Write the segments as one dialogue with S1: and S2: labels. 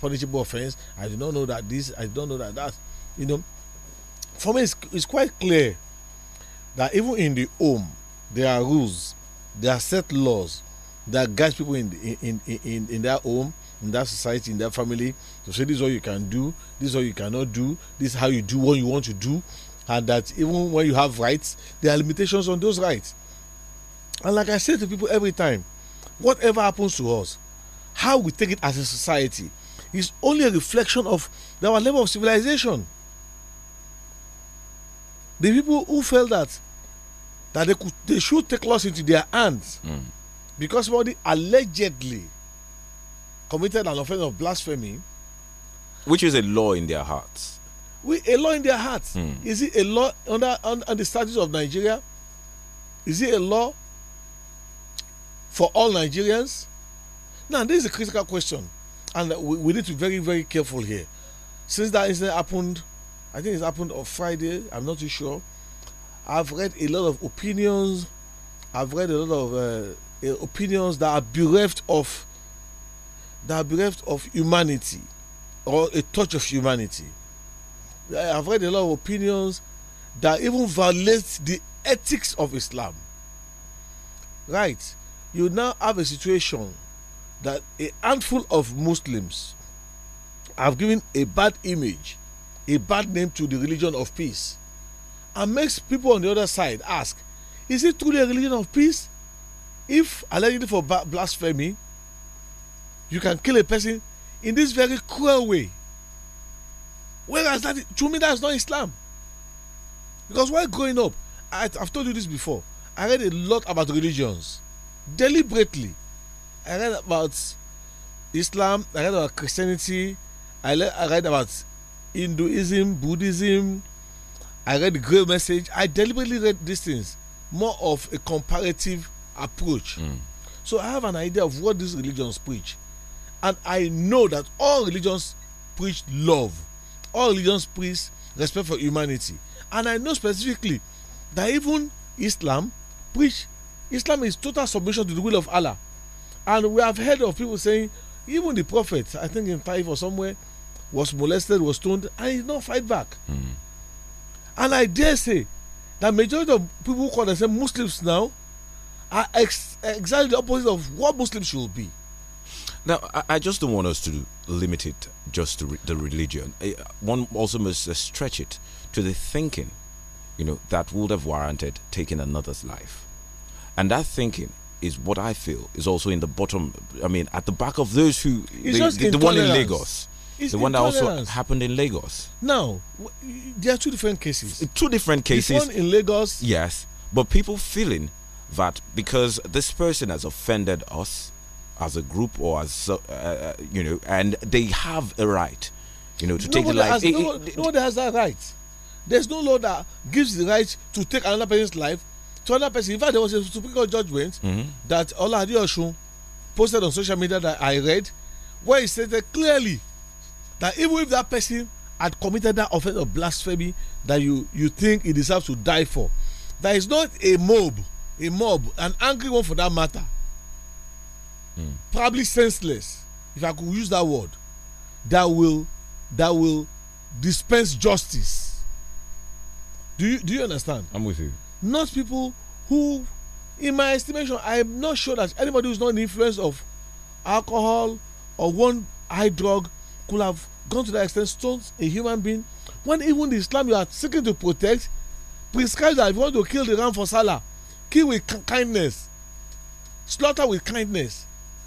S1: punishable offense. I do not know that this. I don't know that that. You know, for me, it's, it's quite clear that even in the home, there are rules, there are set laws that guide people in in in in, in their home in that society in their family to say this is what you can do this is what you cannot do this is how you do what you want to do and that even when you have rights there are limitations on those rights and like i say to people every time whatever happens to us how we take it as a society is only a reflection of our level of civilization. The people who felt that that they could they should take laws into their hands mm. because somebody allegedly committed an offense of blasphemy.
S2: Which is a law in their hearts.
S1: We, a law in their hearts. Mm. Is it a law under, under the statutes of Nigeria? Is it a law for all Nigerians? Now, this is a critical question. and we, we need to be very very careful here since that incident happened i think it happened on friday i'm not too sure i've read a lot of opinions i've read a lot of uh, uh opinions that are bereft of that are bereft of humanity or a touch of humanity i've read a lot of opinions that even violate the ethics of islam right you now have a situation that a handful of Muslims have given a bad image, a bad name to the religion of peace, and makes people on the other side ask, is it truly a religion of peace? If allegedly for blasphemy, you can kill a person in this very cruel way. Whereas that, to me, that's not Islam. Because while growing up, I, I've told you this before, I read a lot about religions deliberately I read about Islam, I read about Christianity, I read, I read about Hinduism, Buddhism, I read the Great Message. I deliberately read these things more of a comparative approach. Mm. So I have an idea of what these religions preach. And I know that all religions preach love, all religions preach respect for humanity. And I know specifically that even Islam preach Islam is total submission to the will of Allah And we have heard of people saying, even the prophet, I think in five or somewhere, was molested, was stoned, and he did not fight back. Mm. And I dare say that majority of people who call themselves Muslims now are ex exactly the opposite of what Muslims should be.
S2: Now, I, I just don't want us to limit it just to re the religion. Eh, one also must uh, stretch it to the thinking, you know, that would have warranted taking another's life. And that thinking is what I feel is also in the bottom. I mean, at the back of those who the, the one in Lagos. It's the one that also happened in Lagos.
S1: Now, there are two different
S2: cases. Two different cases. This one in Lagos. Yes, but people feeling that because this person has offended us as a group or as uh, uh you know, and they have a right, you know, to nobody take the life. Has, it, no, it,
S1: nobody has that right. There's no law that gives the right to take another person's life to another person. In fact, there was a Supreme Court judgment mm -hmm. that Oladi Oshun posted on social media that I read, where he stated clearly that even if that person had committed that offense of blasphemy that you you think he deserves to die for, that is not a mob, a mob, an angry one for that matter. Mm. Probably senseless, if I could use that word, that will that will dispense justice. Do you do you understand? I'm with you not people who in my estimation i'm not sure that anybody who's not in influence of alcohol or one high drug could have gone to that extent stone a human being when even the islam you are seeking to protect prescribe that if you want to kill the ram for salah kill with kindness slaughter with kindness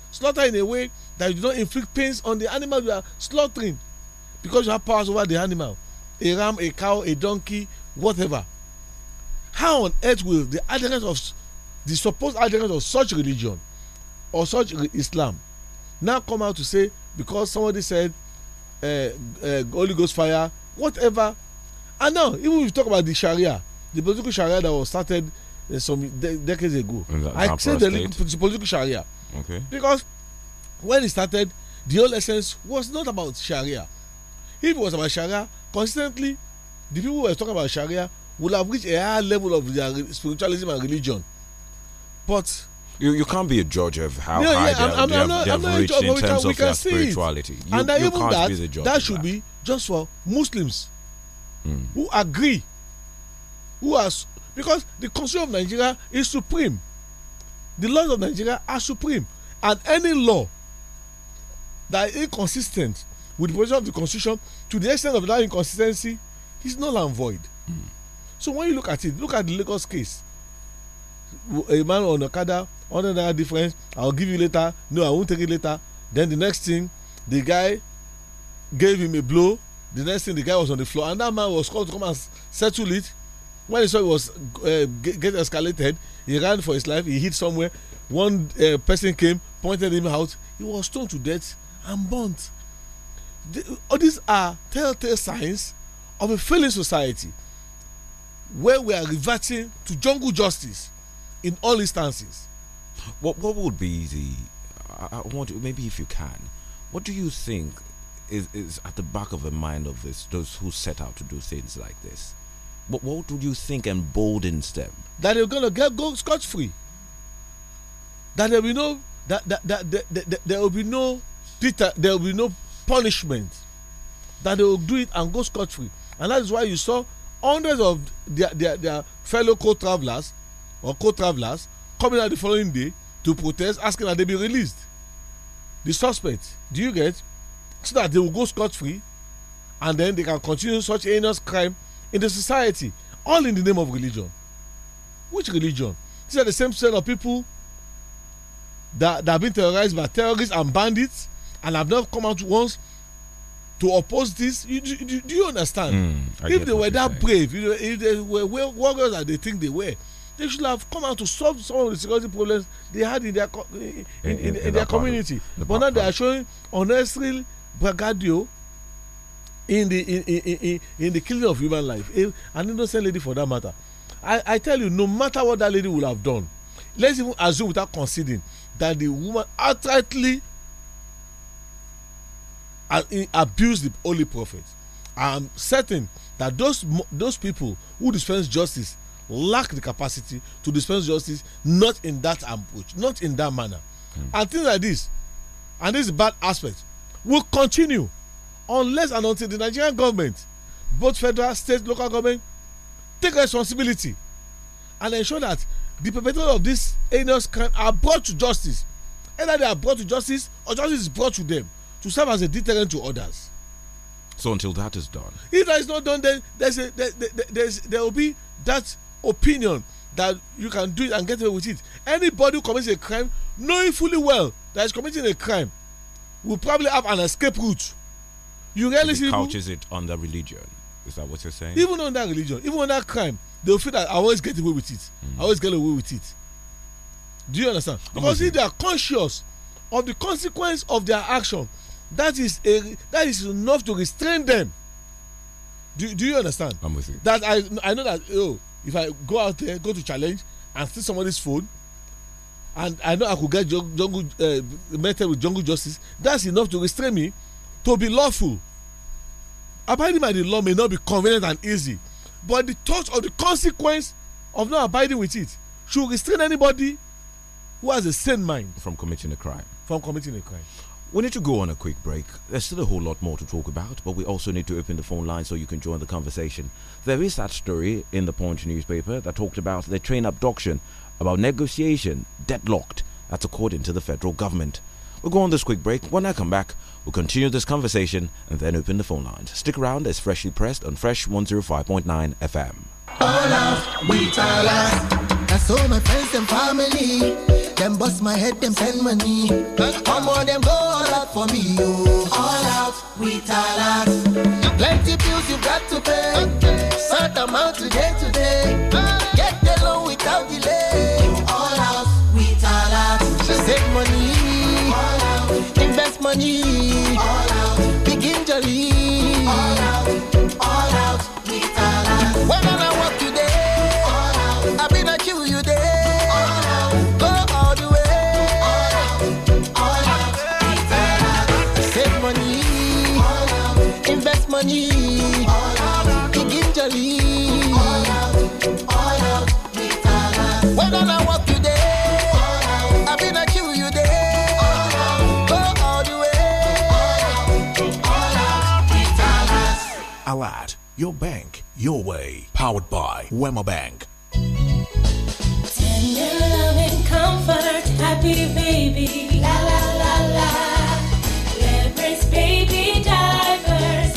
S1: slaughter in a way that you do not inflict pains on the animal you are slaughtering because you have powers over the animal a ram a cow a donkey whatever how on earth will the adherents of the supposed adherents of such religion or such islam now come out to say because somebody said uh, uh, holy ghost fire whatever and now even if you talk about the sharia the political sharia that was started uh, some de decades ago i say the, the political sharia okay because when it started the whole essence was not about sharia if it was about sharia consistently the people were talking about sharia will have reached a higher level of their spiritualism and religion.
S2: But you, you can't be a judge of how yeah, high yeah, they, I'm, they I'm have, not, they have reached in terms of their spirituality. You, and that even that, that
S1: should that. be just for Muslims mm. who agree, who has because the constitution of Nigeria is supreme. The laws of Nigeria are supreme, and any law that is inconsistent with the position of the constitution to the extent of that inconsistency is null and void. Mm. So when you look at it, look at the Lagos case. A man on Okada, hundred naira difference. I'll give you later. No, I won't take it later. Then the next thing, the guy gave him a blow. The next thing, the guy was on the floor, and that man was called to come and settle it. When he saw it was uh, get, get escalated, he ran for his life. He hit somewhere. One uh, person came, pointed him out. He was stoned to death and burnt. The, all these are telltale signs of a failing society where we are reverting to jungle justice in all instances.
S2: What what would be the? I, I want to, maybe if you can, what do you think is is at the back of the mind of this those who set out to do things like this? What what would you think emboldens them? That they're gonna get go scot free.
S1: That there will be no that that, that, that, that, that there will be no there will be no punishment. That they will do it and go scot free, and that is why you saw hundreds of their their, their fellow co-travelers or co-travelers coming out the following day to protest asking that they be released the suspect do you get so that they will go scot-free and then they can continue such heinous crime in the society all in the name of religion which religion these are the same set of people that that have been terrorized by terrorists and bandits and have not come out once to oppose this you, do, do, you understand
S2: mm, if they
S1: were that saying. brave you know, if they were well warriors that they think they were they should have come out to solve some of the security problems they had in their in, in, in, in their community the but now they are showing honestly bragadio in the in, in, in, in the killing of human life eh, an innocent lady for that matter I, I tell you no matter what that lady would have done let's even assume without conceding that the woman outrightly Uh, abused the holy prophet I'm certain that those those people who dispense justice lack the capacity to dispense justice not in that approach not in that manner mm. and things like this and this bad aspect will continue unless and until the nigerian government both federal state local government take responsibility and ensure that the perpetrators of this heinous crime are brought to justice either they are brought to justice or justice is brought to them to serve as a deterrent to others.
S2: So until that is done,
S1: if that is not done, then there's a, there, there, there's, there will be that opinion that you can do it and get away with it. Anybody who commits a crime, knowing fully well that is committing a crime, will probably have an escape
S2: route. You really see couches it under religion. Is that what you're saying? Even
S1: under religion, even under crime, they'll feel that I always get away with it. Mm. I always get away with it. Do you understand? Because if they are conscious of the consequence of their action, that is a that is enough to restrain them do, do you understand I'm with you. that i i know that oh if i go out there go to challenge and steal somebody's phone and i know i could get jungle uh, eh, meted with jungle justice that's enough to restrain me to be lawful abiding by the law may not be convenient and easy but the thought of the consequence of not abiding with it should restrain anybody
S2: who has a sane mind from committing a crime from
S1: committing a crime
S2: We need to go on a quick break. There's still a whole lot more to talk about, but we also need to open the phone line so you can join the conversation. There is that story in the Punch newspaper that talked about the train abduction, about negotiation deadlocked. That's according to the federal government. We'll go on this quick break. When I come back, we'll continue this conversation and then open the phone lines. Stick around as Freshly Pressed on Fresh 105.9 FM.
S3: All out, we tell
S4: us. I saw my friends and family. Them bust my head, them send money. Come on, them go all out for me, yo. All out with all out. Plenty bills you got to pay. Certain amount today, today.
S3: Alad, your bank, your way. Powered by Wema Bank.
S5: Tender love and comfort, happy baby. La la la la. baby divers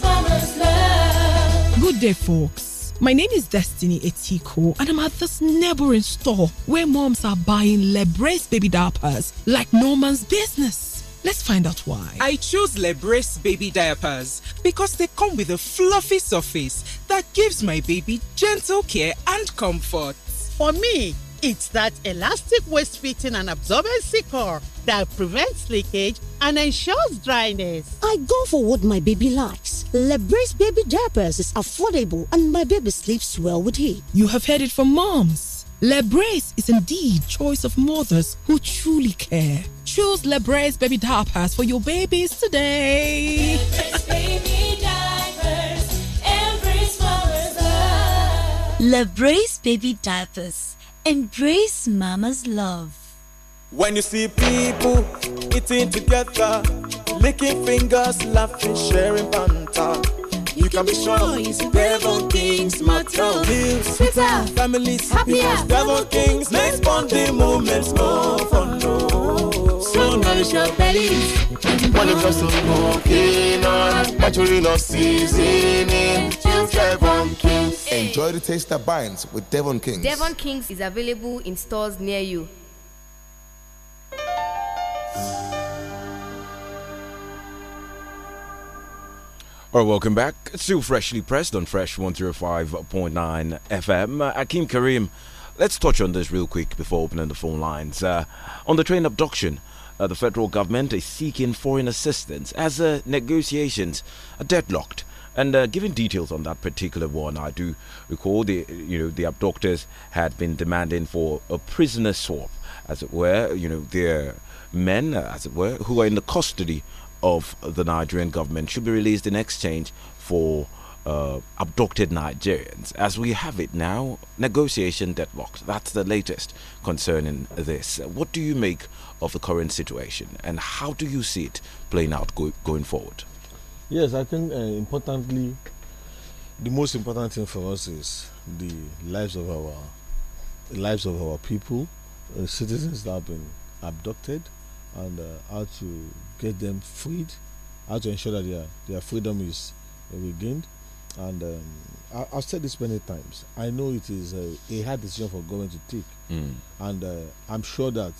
S5: mama's love.
S6: Good day,
S7: folks. My name is Destiny Etiko, and I'm at this neighboring store where moms are buying Lebre's baby diapers like no man's business. Let's find out why.
S8: I
S9: choose Lebrace baby diapers because they come with a fluffy surface that gives my baby gentle care and comfort. For me, it's that elastic waist fitting and absorbency core that prevents leakage and ensures
S7: dryness. I go for what my baby likes. Lebrace baby diapers is affordable and my baby sleeps well with it. You have heard it from moms. Lebrace is indeed choice of mothers who truly care. Choose Lebre's baby diapers for your babies today.
S8: Lebrace
S5: baby diapers. Embrace mama's
S8: love. When you see people eating together, licking fingers, laughing, sharing banter. You, you can, can be sure, sure it's Devon Kings matter lives families happier. Devil Kings makes bonding moments more fun. No. Oh nourish your bellies. to cooking
S3: on, love seasoning.
S10: Devon Kings. Enjoy the taste that binds with Devon Kings. Devon
S6: Kings is available in stores near you.
S2: All right, welcome back. It's still freshly pressed on Fresh 105.9 FM. Uh, Akim Karim, let's touch on this real quick before opening the phone lines. Uh, on the train abduction, uh, the federal government is seeking foreign assistance as uh, negotiations are deadlocked. And uh, giving details on that particular one, I do recall the you know the abductors had been demanding for a prisoner swap, as it were, you know their men, uh, as it were, who are in the custody of the Nigerian government should be released in exchange for uh, abducted Nigerians. As we have it now, negotiation deadlocked. That's the latest concerning this. What do you make of the current situation? And how do you see it playing out go, going forward?
S1: Yes, I think uh, importantly, the most important thing for us is the lives of our lives of our people, uh, citizens that have been abducted, and uh, how to get them freed, how to ensure that their their freedom is regained. And um, I, have said this many times. I know it is a, a hard decision for government to take, mm. and uh, I'm sure that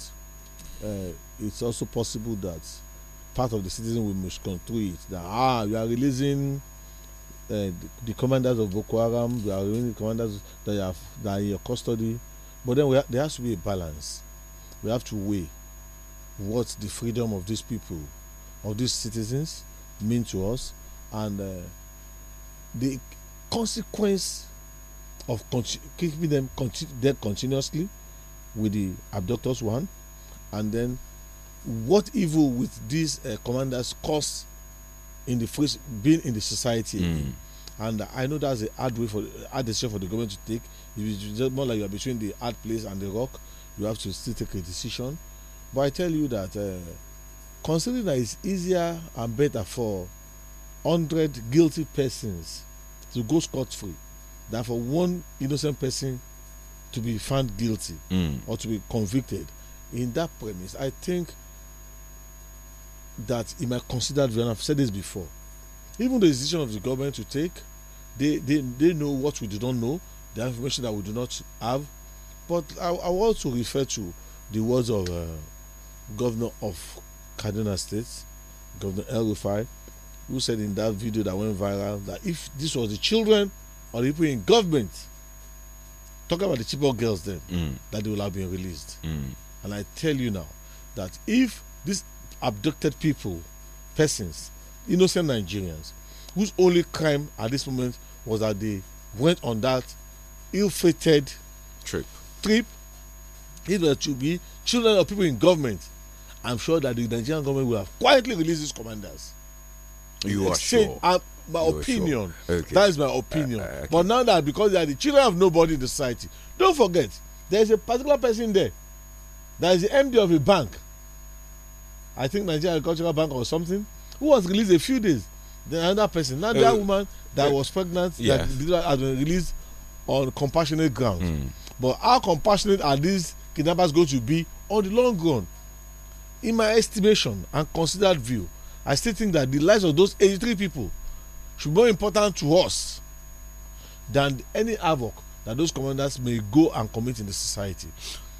S1: uh, it's also possible that part of the citizen will misconstrue it that ah you are releasing uh, eh, the, the commanders of Boko Haram you are releasing the commanders that you have that are in your custody but then we ha there has to be a balance we have to weigh what the freedom of these people of these citizens mean to us and uh, the consequence of keeping them conti them continuously with the abductors one and then what evil with these uh, commanders cause in the face being in the society mm. and i know that's a hard way for hard decision for the government to take it's just more like you are between the hard place and the rock you have to still take a decision but i tell you that uh, considering that it's easier and better for hundred guilty persons to go scot-free than for one innocent person to be found guilty mm. or to be convicted in that premise, I think that he might consider and I've said this before. Even the decision of the government to take, they, they, they know what we do not know, the information that we do not have. But I, I to refer to the words of uh, Governor of Kaduna State, Governor El Rufai, who said in that video that went viral that if this was the children or the people in government, talk about the cheaper girls then, mm. that they will have been released. Mm. And I tell you now that if these abducted people, persons, innocent Nigerians, whose only crime at this moment was that they went on that ill-fated trip, trip, it were to be children of people in government, I'm sure that the Nigerian government will have quietly released these commanders.
S2: You are sure.
S1: i uh, my you opinion. Sure. Okay. That is my opinion. Uh, uh, okay. But now that because they are the children of nobody in the society, don't forget there is a particular person there that is the MD of a bank I think Nigeria Agricultural Bank or something who was released a few days then another person now uh, woman that uh, was pregnant yeah. that has been released on compassionate grounds mm. but how compassionate are these kidnappers going to be on the long run in my estimation and considered view I still think that the lives of those eighty-three people should be more important to us than any havoc that those commanders may go and commit in the society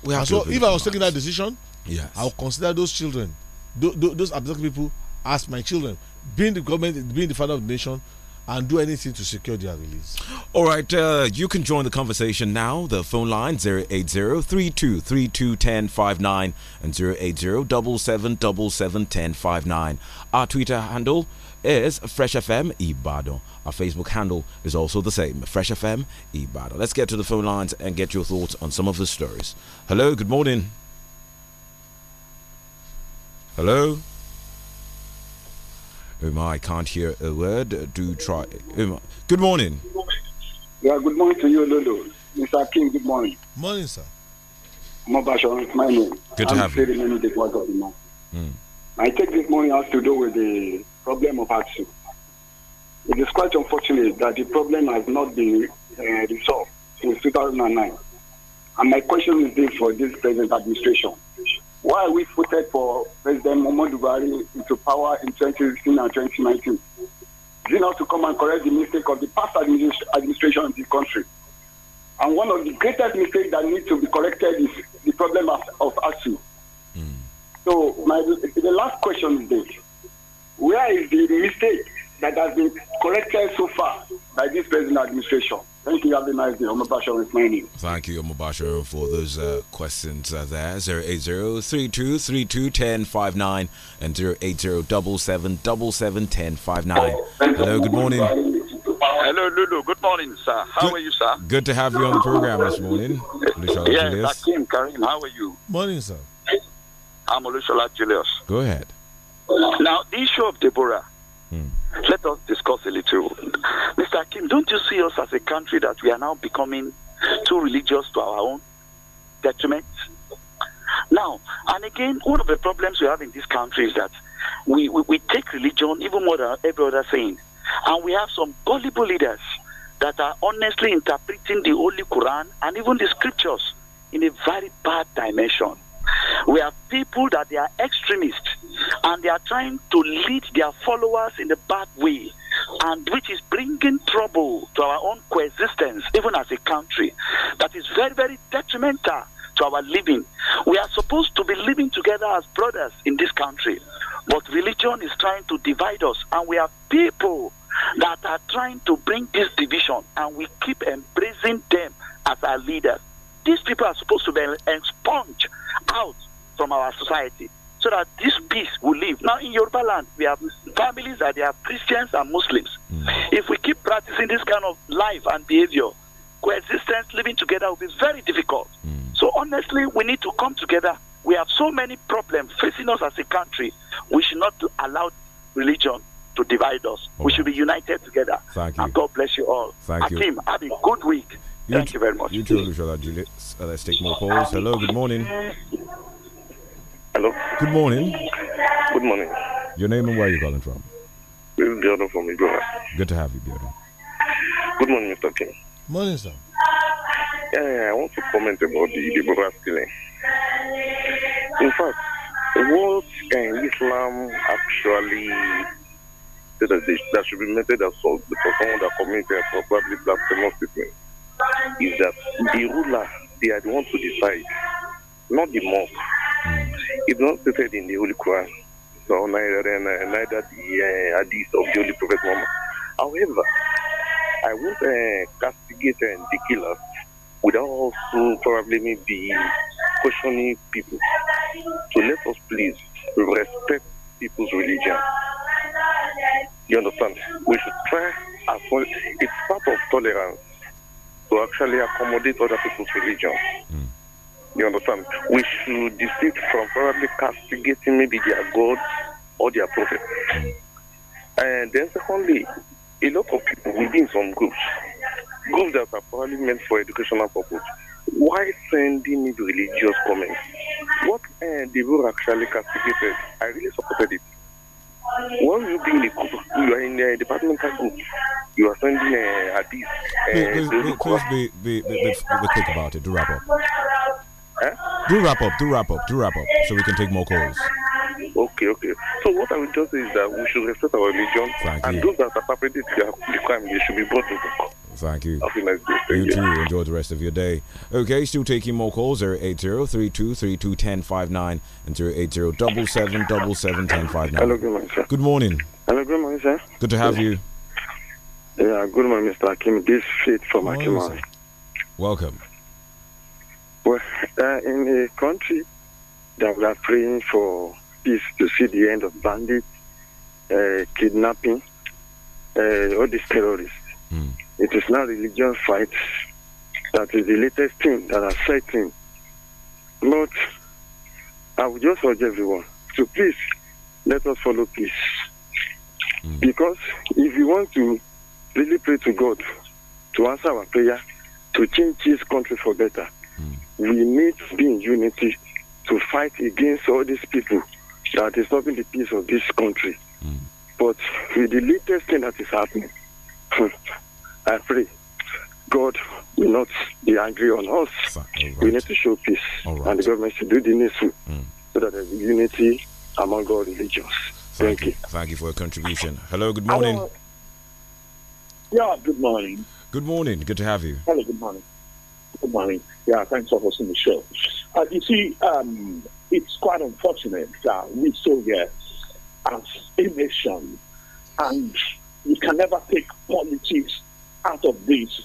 S1: We have so if I was taking that decision, yes, I would consider those children, those abducted people, as my children, being the government, being the father of the nation, and do anything to secure their release.
S2: All right, uh, you can join the conversation now. The phone line 080-3232-1059 and 080-7777-1059. Our Twitter handle is Fresh FM Ibado. Our Facebook handle is also the same, Fresh FM Ibado. Let's get to the phone lines and get your thoughts on some of the stories. Hello, good morning. Hello? Oh my, I can't hear a word. Do try. Um, good morning.
S11: Yeah, good morning to you, Lulu. Mr. King, good morning. Morning, sir. it's my name. Good to I'm have you. Mm. I take this morning has to do with the problem of action. It is quite unfortunate that the problem has not been uh, resolved since 2009. And my question is this for this present administration. Why we voted for President Muhammadu Buhari into power in 2016 and 2019? Is it not to come and correct the mistake of the past administ- administration of the country? And one of the greatest mistakes that needs to be corrected is the problem of, of ASU. Mm. So my, the last question is this where is the mistake that has been corrected so far by this present administration? Thank you. Have a nice day. Omar is my name.
S2: Thank you, Omar Bashir, for those uh, questions uh, there. 80 and 80 Hello, good morning.
S11: Hello, Lulu. Good morning, sir. How good, are you, sir? Good to have you on the program this
S2: morning. Yes,
S11: Hakim, Karim, how are you? Morning, sir. I'm Olushola Julius. Go ahead. Now, the issue of Deborah, mm. let us discuss a little. Mr. Kim, don't you see us as a country that we are now becoming too religious to our own detriment? Now, and again, one of the problems we have in this country is that we, we, we take religion even more than every other thing. And we have some gullible leaders that are honestly interpreting the Holy Quran and even the scriptures in a very bad dimension. We have people that they are extremists and they are trying to lead their followers in the bad way and which is bringing trouble to our own coexistence even as a country that is very very detrimental to our living we are supposed to be living together as brothers in this country but religion is trying to divide us and we have people that are trying to bring this division and we keep embracing them as our leaders these people are supposed to be expunged out from our society so that this peace will live. Now, in Yoruba land, we have families that they are Christians and Muslims. Mm. If we keep practicing this kind of life and behavior, coexistence, living together will be very difficult. Mm. So, honestly, we need to come together. We have so many problems facing us as a country. We should not allow religion to divide us. Okay. We should be united together. Thank you. And God bless you all. Thank Akim, you. Have a good
S2: week. You Thank you very much. You too, uh, Let's take more calls. Hello, good morning. Hello. Good morning. Good morning. Your name and where you calling from?
S12: This is from Igora.
S2: Good to have you, Biodo. Good morning, Mr. King.
S1: Morning, sir.
S12: Yeah, I want to comment about the, the killing. In fact, what can eh, Islam actually say that they, that should be meted as for someone that committed probably blasphemous statement? Is that the ruler, they are the ones to decide, not the mob. Mm not stated in the Holy Quran, so neither, uh, neither the uh, hadith of the Holy Prophet Muhammad. However, I won't uh, castigate uh, the killer without also probably maybe questioning people. So let us please respect people's religion. You understand? We should try as well. It's part of tolerance to actually accommodate other people's religion. Mm. You understand? We should desist from probably castigating maybe their God or their prophet. And then, secondly, a lot of people within some groups, groups that are probably meant for educational purpose, why sending these religious comments? What uh, they were actually castigated, I really supported it.
S13: When you being in a group,
S12: you are in a departmental group, you are sending uh, eh, a hate. Uh, eh, please, please,
S2: please be, be, be, be, quick about it, to wrap up. Eh? Do wrap up, do wrap up, do wrap up, so we can take more calls.
S12: Okay, okay. So what I would just say is that we should respect our religion, Thank and you. those that perpetrate the crime, they should be brought to book. Thank you. Have a nice
S2: day. You too. Enjoy the rest of your day. Okay, still taking more calls. 080-3232-1059 and 080-777-1059. Hello, good morning, sir. Good morning.
S12: Hello, good morning, sir. Good to have yeah. you. Yeah, good morning, Mr. Akim. This is Faith from Akim. Welcome. Well, uh, in a country that we are praying for peace to see the end of bandits, uh, kidnapping, uh, all these terrorists. Mm. It is not religious fights that is the latest thing that are fighting. But I would just urge everyone to please let us follow peace. Mm. Because if we want to really pray to God to answer our prayer, to change this country for better, we need to be in unity to fight against all these people that is stopping the peace of this country. Mm. But with the latest thing that is happening, hmm, I pray God will not be angry on us. right. We need to show peace, right. and the government should do the necessary mm. so that there is unity among all religions. Thank, Thank you. you.
S2: Thank you for your contribution. Hello, good morning. Hello.
S13: Yeah, good morning.
S2: Good morning. Good to have you.
S13: Hello, good morning. Good morning. Yeah, thanks for hosting the show. Uh, you see, um, it's quite unfortunate that we still as a nation, and we can never take politics out of this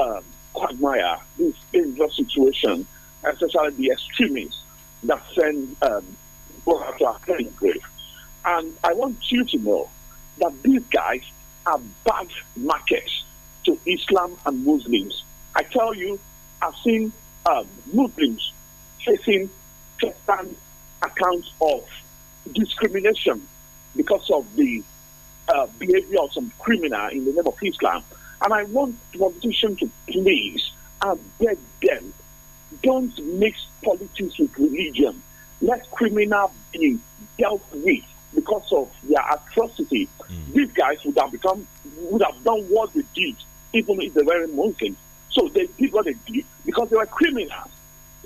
S13: um, quagmire, this dangerous situation, especially the extremists that send um, to our killing grave. And I want you to know that these guys are bad markets to Islam and Muslims. I tell you, I've seen um, Muslims facing constant accounts of discrimination because of the uh, behavior of some criminal in the name of Islam. And I want politicians to please, I beg them, don't mix politics with religion. Let criminals be dealt with because of their atrocity. Mm. These guys would have become would have done what they did, even if they were Muslims. So they did what they did because they were criminals.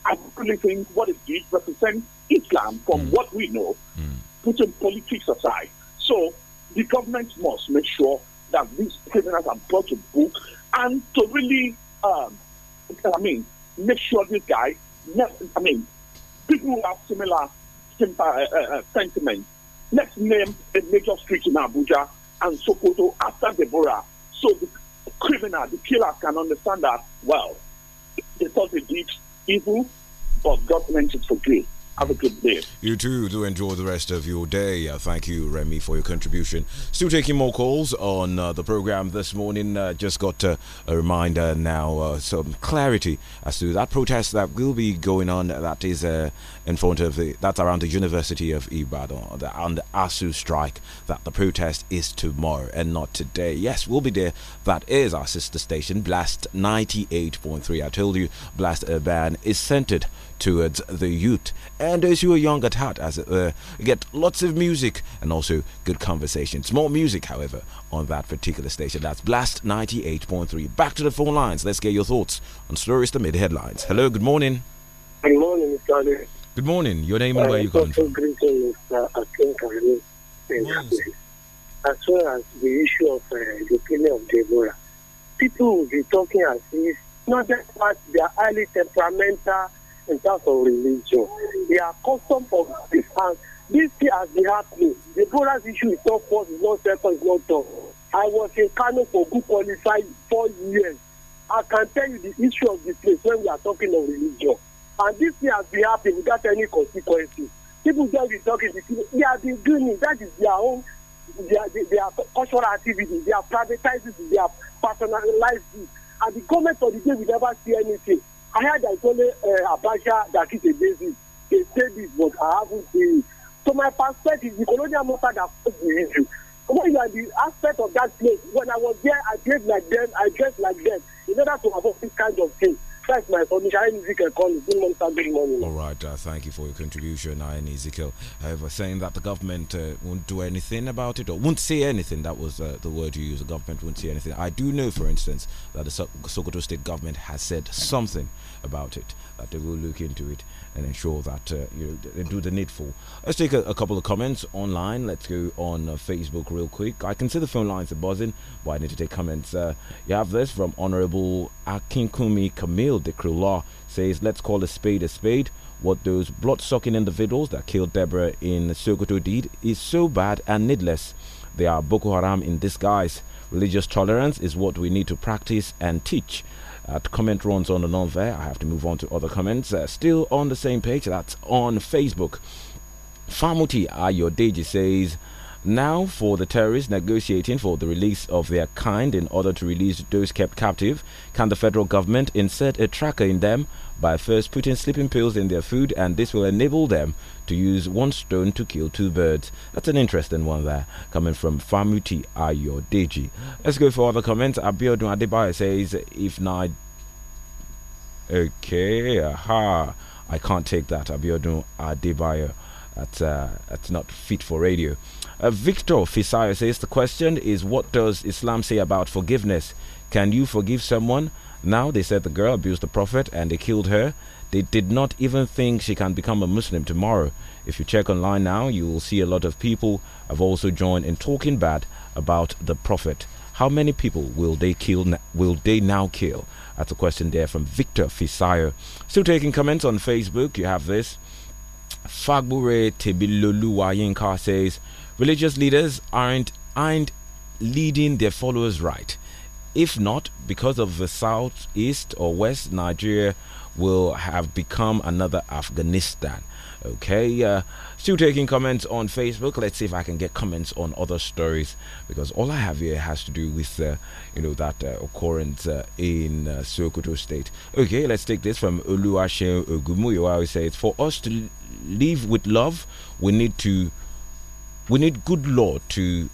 S13: I really think what they did represents Islam from mm. what we know, mm. putting politics aside. So the government must make sure that these criminals are brought to book and to really, um, I mean, make sure these guys, I mean, people who have similar uh, uh, uh, sentiments. Let's name a major street in Abuja and Sokoto after Deborah so the criminal, the killer can understand that, well, they thought they did evil, but God meant it for good.
S2: Have a good day. You too. Do enjoy the rest of your day. Uh, thank you, Remy, for your contribution. Still taking more calls on uh, the program this morning. Uh, just got uh, a reminder now, uh, some clarity as to that protest that will be going on. That is uh, in front of the that's around the University of Ibadan the, on the ASU strike that the protest is tomorrow and not today. Yes, we'll be there. That is our sister station Blast 98.3. I told you Blast Urban is centered towards the youth and those who are young at heart as it were, get lots of music and also good conversations. More music, however, on that particular station. That's Blast 98.3. Back to the phone lines. Let's get your thoughts on stories the mid headlines. Hello, good morning.
S13: Good morning, Mr.
S2: Good morning. Your name and where you calling
S13: from? as well as the issue of uh, the killing of Deborah. People will be talking as if not just that they are highly temperamental in terms of religion. They are custom for this and this thing has been happening. Deborah's issue is not for it's not second, it's not I was in Kano for good qualified four years. I can tell you the issue of the place when we are talking of religion. And this thing has been happening without any consequences. People just be talking, they have been doing That is their own, their, their, cultural activity. They are privatizing their they are it. And the government for the day we never see anything. I heard that only uh, Abacha that is the basis. They say this, but I haven't seen it. So my perspective, the colonial matter that caused the issue. When you are the aspect of that place, when I was there, I dress like them, I dress like them, in order to avoid this kind of thing. my Ezekiel Collins. Good morning, sir. Good morning. All right. Uh,
S2: thank you for your contribution, uh, Ian Ezekiel. However, uh, saying that the government uh, won't do anything about it or won't say anything, that was uh, the word you used. The government won't say anything. I do know, for instance, that the Sokoto state government has said something about it, that they will look into it and ensure that uh, you know they do the needful. Let's take a, a couple of comments online. Let's go on uh, Facebook real quick. I can see the phone lines are buzzing, but I need to take comments. Uh, you have this from Honorable Akinkumi Camille Dekrula says, "Let's call a spade a spade." What those blood-sucking individuals that killed Deborah in Sokoto did is so bad and needless. They are Boko Haram in disguise. Religious tolerance is what we need to practice and teach. Uh, comment runs on and on there. I have to move on to other comments. Uh, still on the same page, that's on Facebook. Famuti Ayodeji says, now for the terrorists negotiating for the release of their kind in order to release those kept captive, can the federal government insert a tracker in them by first putting sleeping pills in their food and this will enable them to use one stone to kill two birds. That's an interesting one there, coming from Famuti Ayodeji. Let's go for other comments. Abiodun Adebayo says, if not, okay, aha, I can't take that. Abiodun Adebayo, that's, uh, that's not fit for radio. Uh, Victor Fisayo says, the question is, what does Islam say about forgiveness? Can you forgive someone? Now they said the girl abused the prophet and they killed her. They did not even think she can become a Muslim tomorrow. If you check online now, you will see a lot of people have also joined in talking bad about the Prophet. How many people will they kill? Will they now kill? That's a question there from Victor Fisayo. Still taking comments on Facebook. You have this. Fagbure Tebilolu Yinka says, religious leaders aren't aren't leading their followers right. If not, because of the south, east, or west Nigeria will have become another Afghanistan. Okay, uh, still taking comments on Facebook. Let's see if I can get comments on other stories because all I have here has to do with uh, you know that uh, occurrence uh, in uh, Sokoto State. Okay, let's take this from Oluwase Ogumuyo. I always say it's for us to live with love. We need to, we need good law to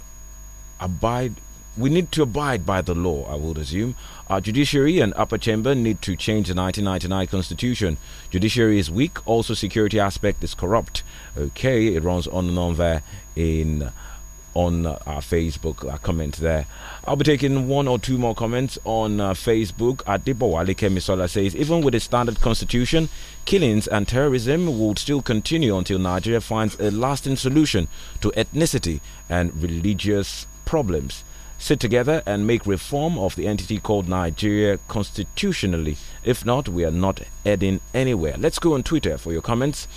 S2: abide we need to abide by the law, I would assume. Our judiciary and upper chamber need to change the 1999 constitution. Judiciary is weak, also, security aspect is corrupt. Okay, it runs on and on there in on uh, our Facebook our uh, comment there. I'll be taking one or two more comments on uh, Facebook. Adibowale Misola says, even with a standard constitution, killings and terrorism will still continue until Nigeria finds a lasting solution to ethnicity and religious problems sit together and make reform of the entity called Nigeria constitutionally. If not, we are not heading anywhere. Let's go on Twitter for your comments.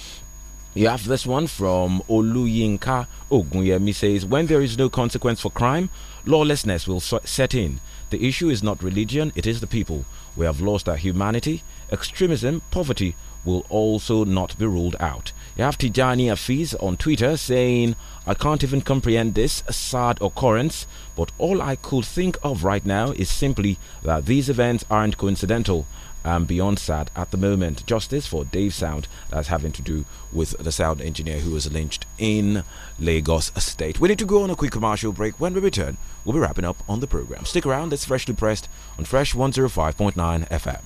S2: You have this one from Oluyinka Ogunyemi says, When there is no consequence for crime, lawlessness will set in. The issue is not religion, it is the people. We have lost our humanity. Extremism, poverty, will also not be ruled out. You have Tijani Afiz on Twitter saying, I can't even comprehend this sad occurrence, but all I could think of right now is simply that these events aren't coincidental. I'm beyond sad at the moment. Justice for Dave Sound, that's having to do with the sound engineer who was lynched in Lagos State. We need to go on a quick commercial break. When we return, we'll be wrapping up on the program. Stick around, it's freshly pressed on Fresh 105.9 FM.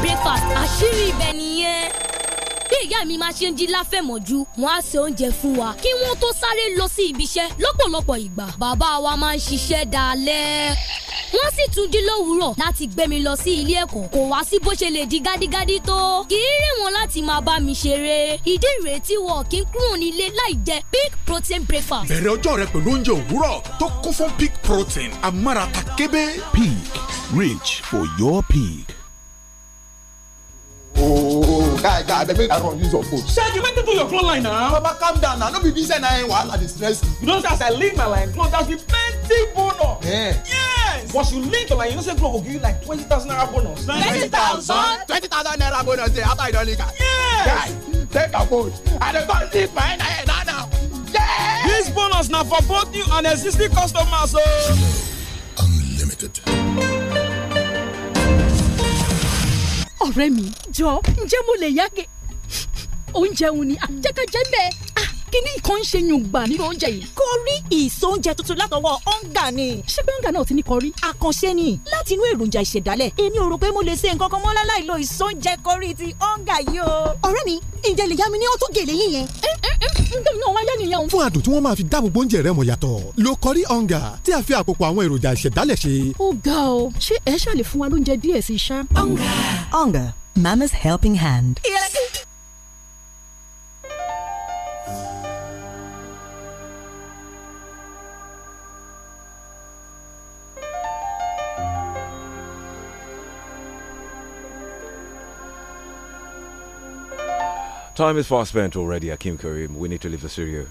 S5: breakfast àṣírí ibẹ̀ nìyẹn bí ìyá mi máa ṣe ń jí láfẹ̀mọ́jú wọ́n á se oúnjẹ fún wa kí wọ́n tó sáré lọ sí ibi iṣẹ́ lọ́pọ̀lọpọ̀ ìgbà bàbá wa máa ń ṣiṣẹ́ dalẹ́ wọ́n sì tún jí lówùúrọ̀ láti gbé mi lọ sí ilé ẹ̀kọ́ kò wá sí bó ṣe lè di gádígádí tó kì í rìn wọn láti máa bá mi ṣeré ìdí ìrètí wọ kí n kúrò nílé láì jẹ big protein breakfast.
S3: bẹ̀rẹ̀ ọjọ́ rẹ pẹ̀lú oúnjẹ òwúrọ̀ tó kún fún big protein
S14: amárata
S8: kébé.
S3: peak reach for your peak.
S8: Oh, guy, guy, baby, I run use your phone. Shey, you better do your cloth line now. Baba, calm down now. No be this and I wahala dey stress you. You know say as I leave my line cloth, that be plenty bonus. Yeah. Yes. Once you leave your line, you know say cloth go give you like twenty thousand naira bonus. Twenty thousand. Twenty thousand naira bonus dey eh, after you don leak am. Yes. Guy, take your phone. I dey come leave my hand eh, ahead now now. Yeah. This bonus na for both new and existing customers o. Oh. So. Unlimited
S15: ọ̀rẹ́ mi
S7: jọ ǹjẹ́ mo lè yá ke oúnjẹ òun ni àjẹkẹjẹ ah, bẹ́ẹ̀ ah, kíní kan ń ṣe yùngbà nínú oúnjẹ yìí. kọrí ìsò oúnjẹ tuntun látọwọ́ ọ̀ǹgà ni. ṣé pé ọ̀ǹgà náà ti ní kọrí. àkànṣe ni láti inú èròjà ìṣẹ̀dálẹ̀ èmi ò rò pé mo lè ṣe nǹkan kan mọ́ láláì lo ìsò oúnjẹ
S5: kọrí ti ọ̀ǹgà yìí o. ọ̀rẹ́ mi ǹjẹ́ lè yá mi ní ó tó gèlè yín yẹn. ẹ ẹ ẹ ǹjẹ́ mi náà wá
S16: yá nìyẹn o. fún àdùn tí wọ́n máa fi dáàbò bo oúnjẹ rẹ mọ̀ yàtọ̀ lo kọrí ọ̀ǹgà tí a fi àpòpọ̀ àwọn èròjà ìṣẹ̀dálẹ̀ ṣe. ó
S7: ga o ṣé ẹ ṣàlè fún wa lóúnjẹ díẹ̀ sí i ṣá. ọ̀ǹgà ọ̀ǹgà mama's helping hand.
S2: Time is far spent already, Akim Karim. We need to leave the studio.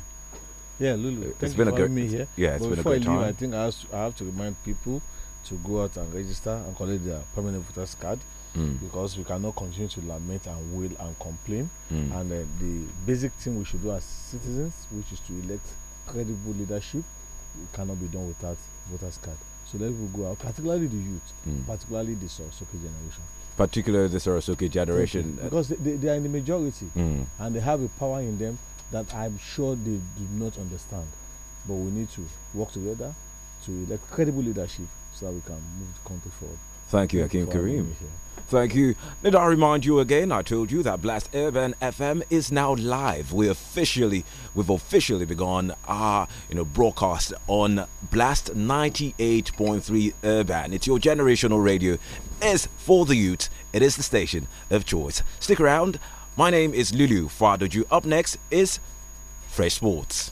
S2: Yeah, Lulu, it's been a good, me here. Yeah, it's but been a great time. I, leave, I
S1: think I, I have to remind people to go out and register and collect their permanent voters card mm. because we cannot continue to lament and wail and complain. Mm. And uh, the basic thing we should do as citizens, which is to elect credible leadership, cannot be done without voters card. So let us go out, particularly the youth, mm. particularly the Sokoke generation
S2: particularly the Sorosuke generation. Because
S1: they, they, are in the majority mm. and they have a power in them that I'm sure they do not understand. But we need to work together to elect credible leadership so that we can move the country forward. Thank you, Hakeem Kareem.
S2: Thank you. Did I remind you again? I told you that Blast Urban FM is now live. We officially, we've officially begun our, you know, broadcast on Blast 98.3 Urban. It's your generational radio. It's for the youth. It is the station of choice. Stick around. My name is Lulu Fadoju. Up next is Fresh Sports.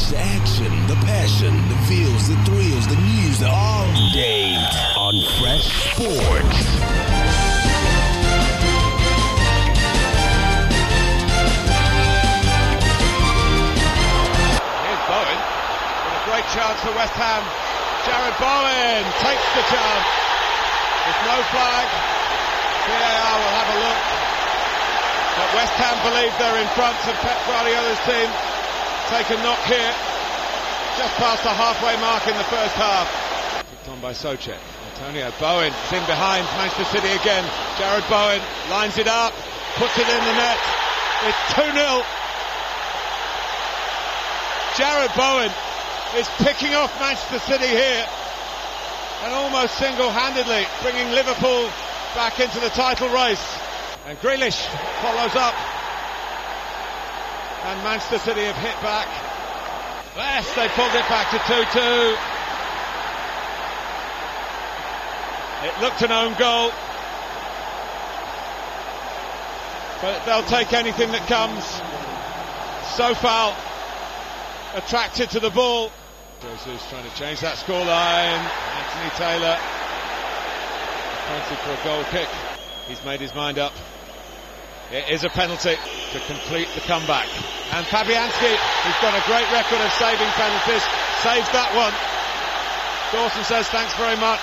S3: Catch the action, the passion, the feels, the thrills, the news all day on Fresh Sports.
S17: Here's Bowen. With a great chance for West Ham. Jared Bowen takes the chance. There's no flag. VAR will have a look. But West Ham believe they're in front of Pep Guardiola's team take a knock here. Just past the halfway mark in the first half. Kicked on by Socek. Antonio Bowen is in behind Manchester City again. Jared Bowen lines it up, puts it in the net. It's 2-0. Jared Bowen is picking off Manchester City here and almost single-handedly bringing Liverpool back into the title race. And Grealish follows up and Manchester City have hit back. Yes, they pulled it back to 2-2. It looked an own goal. But they'll take anything that comes. So far, Attracted to the ball. Jesus trying to change that scoreline. Anthony Taylor. Pointed for a goal kick. He's made his mind up. It is a penalty to complete the comeback. And Fabianski, who's got a great record of saving penalties, saves that one. Dawson says thanks very much.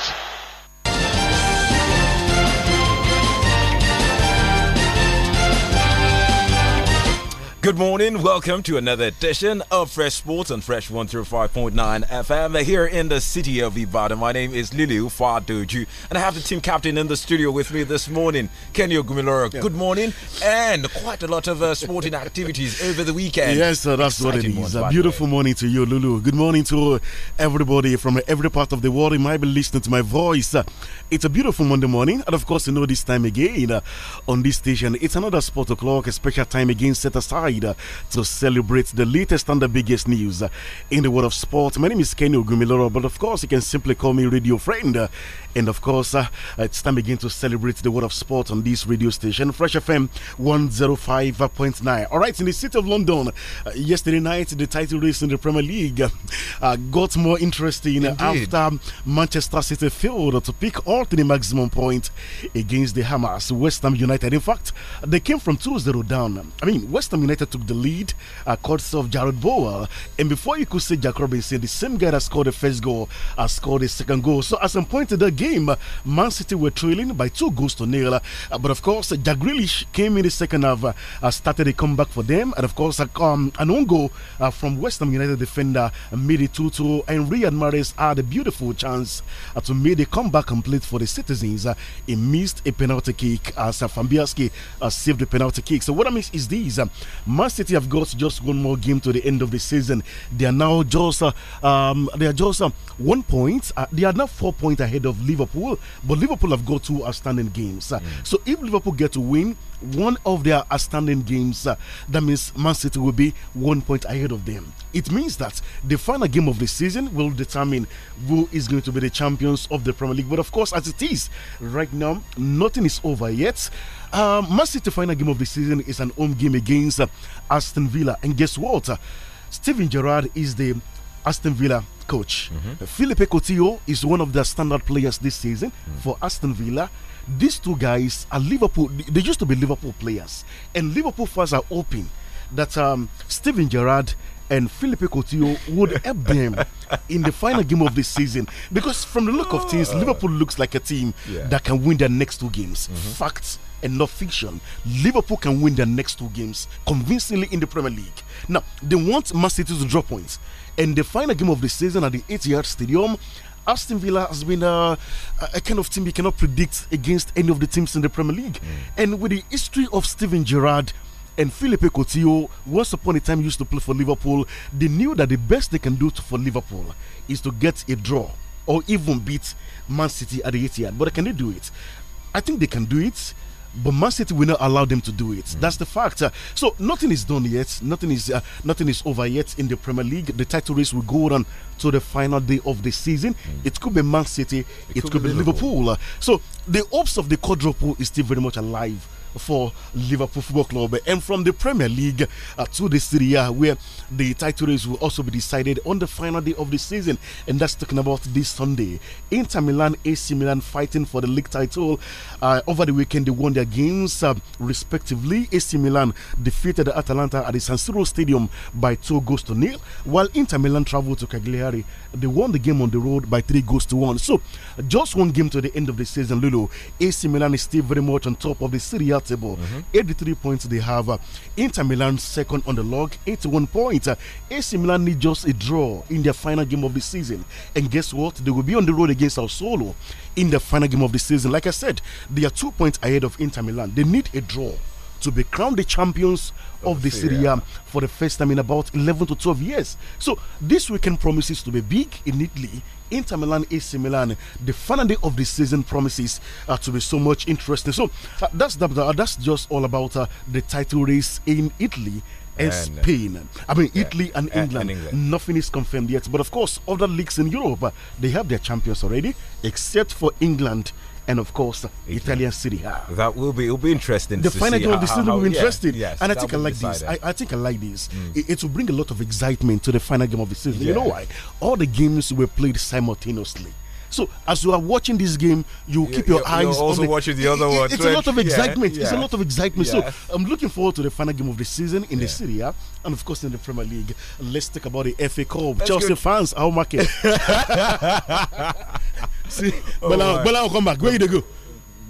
S2: Good morning. Welcome to another edition of Fresh Sports on Fresh 105.9 FM here in the city of Ibadan. My name is Lulu Fadoju and I have the team captain in the studio with me this morning, Kenny Ogumiloro. Yeah. Good morning and quite a lot of uh, sporting activities over the weekend. Yes, sir, that's Exciting what it is. a
S14: beautiful morning to you, Lulu. Good morning to everybody from every part of the world who might be listening to my voice. It's a beautiful Monday morning and of course, you know, this time again uh, on this station, it's another sport o'clock, a special time again set aside to celebrate the latest and the biggest news in the world of sport. My name is Kenny Ogumiloro, but of course, you can simply call me Radio Friend. and of course, uh, it's time again to celebrate the world of sport on this radio station, Fresh FM 105.9. All right, in the city of London, uh, yesterday night, the title race in the Premier League uh, got more interesting Indeed. after Manchester City failed to pick all to the maximum point against the Hamas, West Ham United. In fact, they came from 2 0 down. I mean, West Ham United United took the lead, uh, courtesy of Jared Bower. And before you could say Jack Robinson, the same guy that scored the first goal uh, scored the second goal. So at some point in the game, Man City were trailing by two goals to nil. Uh, but of course, Jack Grealish came in the second half, uh, uh started a comeback for them. And of course, uh, um, an own goal uh, from West Ham United defender Midi it And Riyad Mahrez had a beautiful chance to make the comeback complete for the citizens. Uh, he missed a penalty kick as uh, Fambiaski uh, saved the penalty kick. So, what I mean is this. uh, Man City have got just one more game to the end of the season. They are now just uh, um, they are just uh, one point. Uh, they are now four points ahead of Liverpool, but Liverpool have got two outstanding games. Mm. So if Liverpool get to win one of their outstanding games, uh, that means Man City will be one point ahead of them. It means that the final game of the season will determine who is going to be the champions of the Premier League. But of course, as it is right now, nothing is over yet. Um, Man City final game of the season is an home game against uh, Aston Villa. And guess what? Uh, Steven Gerrard is the Aston Villa coach. Mm -hmm. Felipe Coutinho is one of the standard players this season mm -hmm. for Aston Villa. These two guys are Liverpool. They used to be Liverpool players, and Liverpool fans are hoping that um, Steven Gerrard and Felipe Coutinho would help them in the final game of the season because from the look of things, uh. Liverpool looks like a team yeah. that can win their next two games. Mm -hmm. Facts and not fiction. Liverpool can win their next two games convincingly in the Premier League. Now, they want Man City to drop points. And the final game of the season at the Etihad Stadium, Aston Villa has been uh, a, a, kind of team you cannot predict against any of the teams in the Premier League. Mm. And with the history of Steven Gerrard and Felipe Coutinho, once upon a time used to play for Liverpool, they knew that the best they can do to, for Liverpool is to get a draw or even beat Man City at the Etihad. But can they do it? I think they can do it. But Man City will not allow them to do it. Mm. That's the fact. Uh, so nothing is done yet. Nothing is uh, nothing is over yet in the Premier League. The title race will go on to the final day of the season. Mm. It could be Man City. It, it could, could, be, be Liverpool. Liverpool. Uh, so the hopes of the quadruple is still very much alive for Liverpool Football Club. And from the Premier League uh, to the Serie A, where the title race will also be decided on the final day of the season. And that's talking about this Sunday. Inter Milan, AC Milan fighting for the league title. Uh, over the weekend, they won their games uh, respectively. AC Milan defeated Atalanta at the San Siro Stadium by two goals to nil, while Inter Milan traveled to Cagliari. They won the game on the road by three goals to one. So, just one game to the end of the season, Lulu. AC Milan is still very much on top of the Serie A table. Mm -hmm. 83 points they have. Uh, Inter Milan second on the log, 81 points. Uh, AC Milan need just a draw in their final game of the season. And guess what? They will be on the road against our solo in the final game of the season. Like I said, they are two points ahead of Inter Milan. They need a draw to be crowned the champions of the Serie A for the first time in about 11 to 12 years. So this weekend promises to be big in Italy Inter Milan, AC Milan. The final day of the season promises uh, to be so much interesting. So uh, that's that, that's just all about uh, the title race in Italy. And, uh, Spain, I mean yeah, Italy and, uh, and England. Nothing is confirmed yet, but of course, other leagues in Europe uh, they have their champions already, except for England and of course Italian Serie A.
S2: That will be it'll be interesting. The final game of the season will be interesting. yes, and I think I like this. I,
S14: I, think I like this. Mm. It, it, will bring a lot of excitement to the final game of the season. Yeah. You know why? All the games were played simultaneously. So as you are watching this game, you you keep your eyes. You're also the, watching the other one. it's a lot of excitement. Yeah, yeah. It's a lot of excitement. Yeah. So I'm looking forward to the final game of the season in the Serie A and of course in the Premier League. Let's talk about the FA Cup. Chelsea good. fans, our market. See, oh, Bola, right. Bola, come back. Where you go?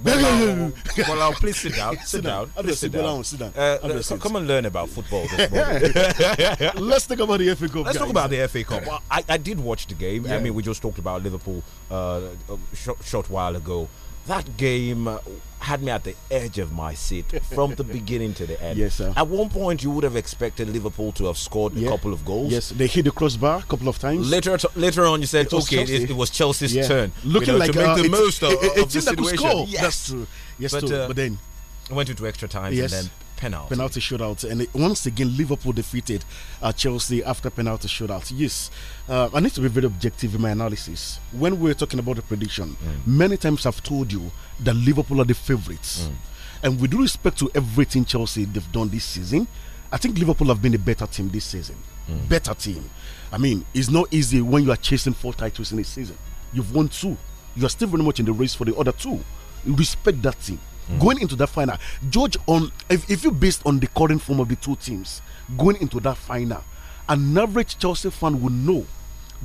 S14: Bola,
S2: Bola, please sit down. Sit, sit down. down. Please sit down. Bola, sit down. Uh, come and learn about football this morning. let's talk about the FA Cup. Let's guys. talk about the FA Cup. Well, I, I did watch the game. Yeah. I mean, we just talked about Liverpool uh, a short, short while ago that game had me at the edge of my seat from the beginning to the end. Yes, sir. At one point, you would have expected Liverpool to have scored yeah. a couple of goals. Yes, they hit the
S14: crossbar a couple of times. Later,
S2: later on, you said, it "Okay, it, it, was Chelsea's yeah. turn." Looking you know, like to make uh, the most of, it, of the situation. Yes, That's true. Yes, but, uh, but then went into extra time, yes. and then
S14: penalty. Penalty shootout. And once again, Liverpool defeated uh, Chelsea after penalty shootout. Yes, uh, I need to be very objective in my analysis. When we're talking about the prediction, mm. many times I've told you that Liverpool are the favourites. Mm. And with respect to everything Chelsea they've done this season, I think Liverpool have been a better team this season. Mm. Better team. I mean, it's not easy when you are chasing four titles in a season. You've won two. You are still very much in the race for the other two. Respect that team Mm. going into that final. Judge on if, if you based on the current form of the two teams going into that final, an average Chelsea fan would know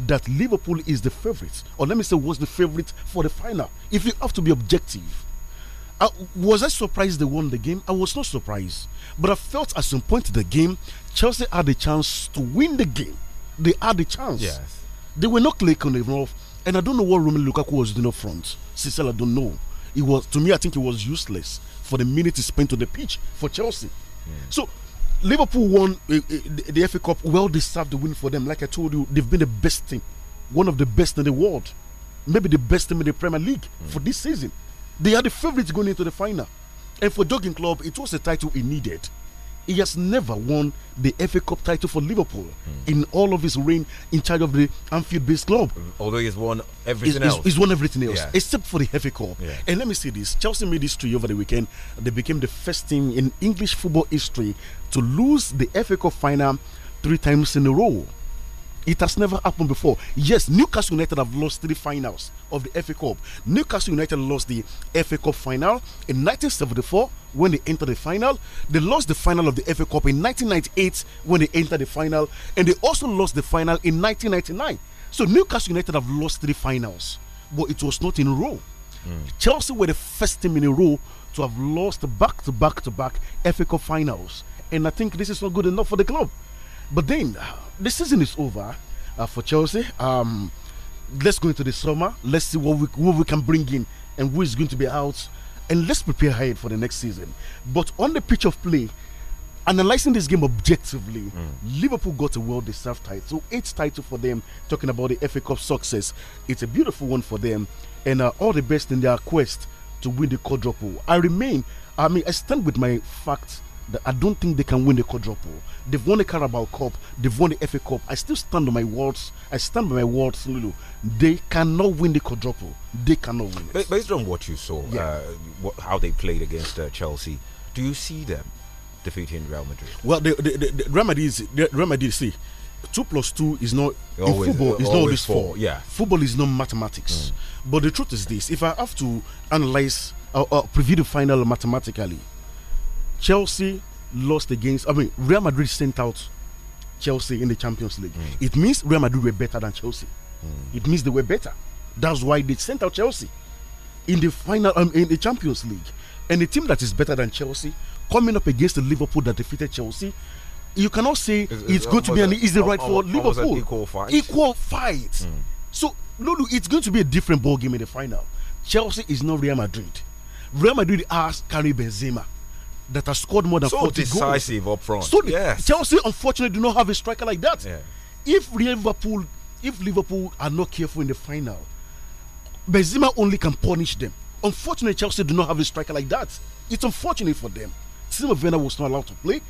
S14: that Liverpool is the favorite, or let me say, was the favorite for the final. If you have to be objective, I, was I surprised they won the game? I was not surprised, but I felt at some point in the game, Chelsea had a chance to win the game. They had a chance. Yes. They were not clicking enough, and I don't know what Romelu Lukaku was doing up front. Cecil, I don't know. It was to me, I think it was useless for the minute he spent on the pitch for Chelsea. Yeah. So Liverpool won uh, uh, the, the FA Cup. Well deserved the win for them. Like I told you, they've been the best team, one of the best in the world, maybe the best team in the Premier League mm. for this season. They are the favourites going into the final, and for Jogging Club, it was a title he needed. He has never won the FA Cup title for Liverpool mm. in all of his reign in charge of the Anfield based club.
S2: Although he's won everything he's, else. He's won everything else yeah.
S14: except for the FA Cup. Yeah. And let me see this Chelsea made history over the weekend. They became the first team in English football history to lose the FA Cup final three times in a row. It has never happened before. Yes, Newcastle United have lost three finals of the FA Cup. Newcastle United lost the FA Cup final in 1974 when they entered the final. They lost the final of the FA Cup in 1998 when they entered the final. And they also lost the final in 1999. So Newcastle United have lost three finals, but it was not in a row. Mm. Chelsea were the first team in a row to have lost back to back to back FA Cup finals. And I think this is not good enough for the club. But then the season is over uh, for Chelsea. Um, let's go into the summer. Let's see what we what we can bring in and who is going to be out, and let's prepare ahead for the next season. But on the pitch of play, analyzing this game objectively, mm. Liverpool got a well-deserved title, eighth title for them. Talking about the FA Cup success, it's a beautiful one for them, and uh, all the best in their quest to win the quadruple. I remain, I mean, I stand with my facts I don't think they can win the quadruple. They've won the Carabao Cup. They've won the FA Cup. I still stand on my words. I stand by my words, Lulu. They cannot win the quadruple. They cannot win
S2: it. Based on what you saw, yeah. uh, what, how they played against uh, Chelsea, do you see them defeating Real Madrid? Well, the, the, the, the remedy is the remedy is see. Two plus two is
S14: not always, in football. It's not always four. four. Yeah, football is not mathematics. Mm. But the truth is this: if I have to analyze, uh, uh, preview the final mathematically, Chelsea lost against. I mean, Real Madrid sent out Chelsea in the Champions League. Mm. It means Real Madrid were better than Chelsea. Mm. It means they were better. That's why they sent out Chelsea in the final um, in the Champions League. And a team that is better than Chelsea coming up against the Liverpool that defeated Chelsea you cannot say it's, it's, going to be an easy ride for Liverpool. Equal fight. Equal fight. Mm. So, Lulu, it's going to be a different ball game in the final. Chelsea is not Real Madrid. Real Madrid has Karim Benzema that has scored more than so 40 decisive up front. So yes. Chelsea unfortunately do not have a striker like that. Yeah. If Liverpool if Liverpool are not careful in the final, Benzema only can punish them. Unfortunately, Chelsea do not have a striker like that. It's unfortunate for them. Timo Werner was not allowed to play.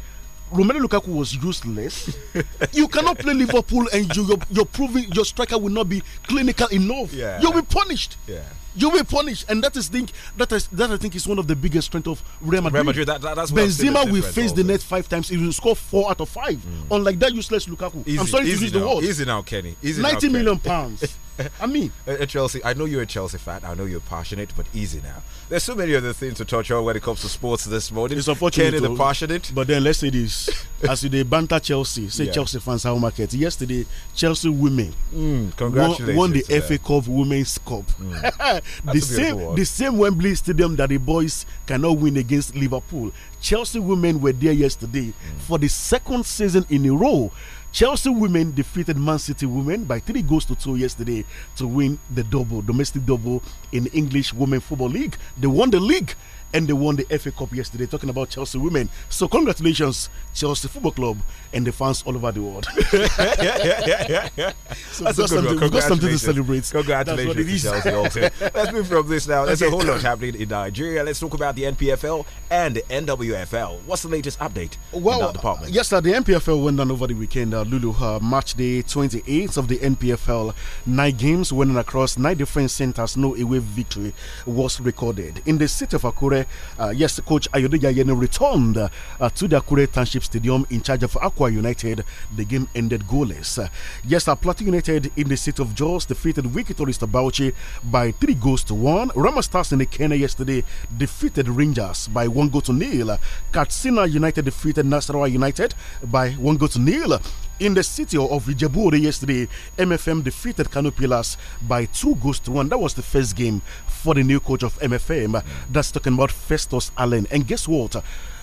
S14: Romelu Lukaku was useless. you cannot play Liverpool and you, are you're, you're proving your striker will not be clinical enough. Yeah. You'll be punished. Yeah you will punish, and that is think that is that I think is one of the biggest strength of Real Madrid. Real Madrid that, that, Benzema will face the net five times. He will score four out of five. Mm. Unlike that useless Lukaku. Easy, I'm sorry to use now, the word. Easy now,
S2: Kenny. Easy Ninety now, Kenny. million pounds. I mean, Chelsea, I know you're a Chelsea fan. I know you're passionate, but easy now. There's so many other things to touch on when it comes to sports this morning. It's unfortunate, Kenny, the passionate.
S14: But then let's say this: as you did banter Chelsea, say yeah. Chelsea fans how market. Yesterday, Chelsea women mm, won, won, the FA Cup Women's Cup. Mm. the same, the same Wembley Stadium that the boys cannot win against Liverpool. Chelsea women were there yesterday mm. for the second season in a row. Chelsea women defeated Man City women by three goals to two yesterday to win the double, domestic double in English Women Football League. They won the league and they won the FA Cup yesterday. Talking about Chelsea women, so congratulations Chelsea Football Club and the fans all over the world. yeah,
S2: yeah, yeah, yeah, yeah. So we've, got something, we got something to celebrate. Congratulations Chelsea also. Let's move from this now. There's okay. a whole lot happening in Nigeria. Let's talk about the NPFL and the NWFL. What's the latest update? Well, department? yes,
S14: the NPFL went down over the weekend. Uh, Lulu, uh, match day 28th of the NPFL, nine games winning across nine different centres. No away victory was recorded in the city of Akure. Uh, yes, Coach Ayodeja Yene returned uh, to the Akure Township Stadium in charge of Aqua United. The game ended goalless. yes, Plateau United in the city of Jos defeated Wikitorista Bauchi by three goals to one. Rama Stars in the Kenya yesterday defeated Rangers by one goal to nil. Katsina United defeated Nasarawa United by one goal to nil. In the city of Ijebuode yesterday, MFM defeated Kano by two goals to one. That was the first game for the new coach of MFM. That's talking about Festus Allen. And guess what?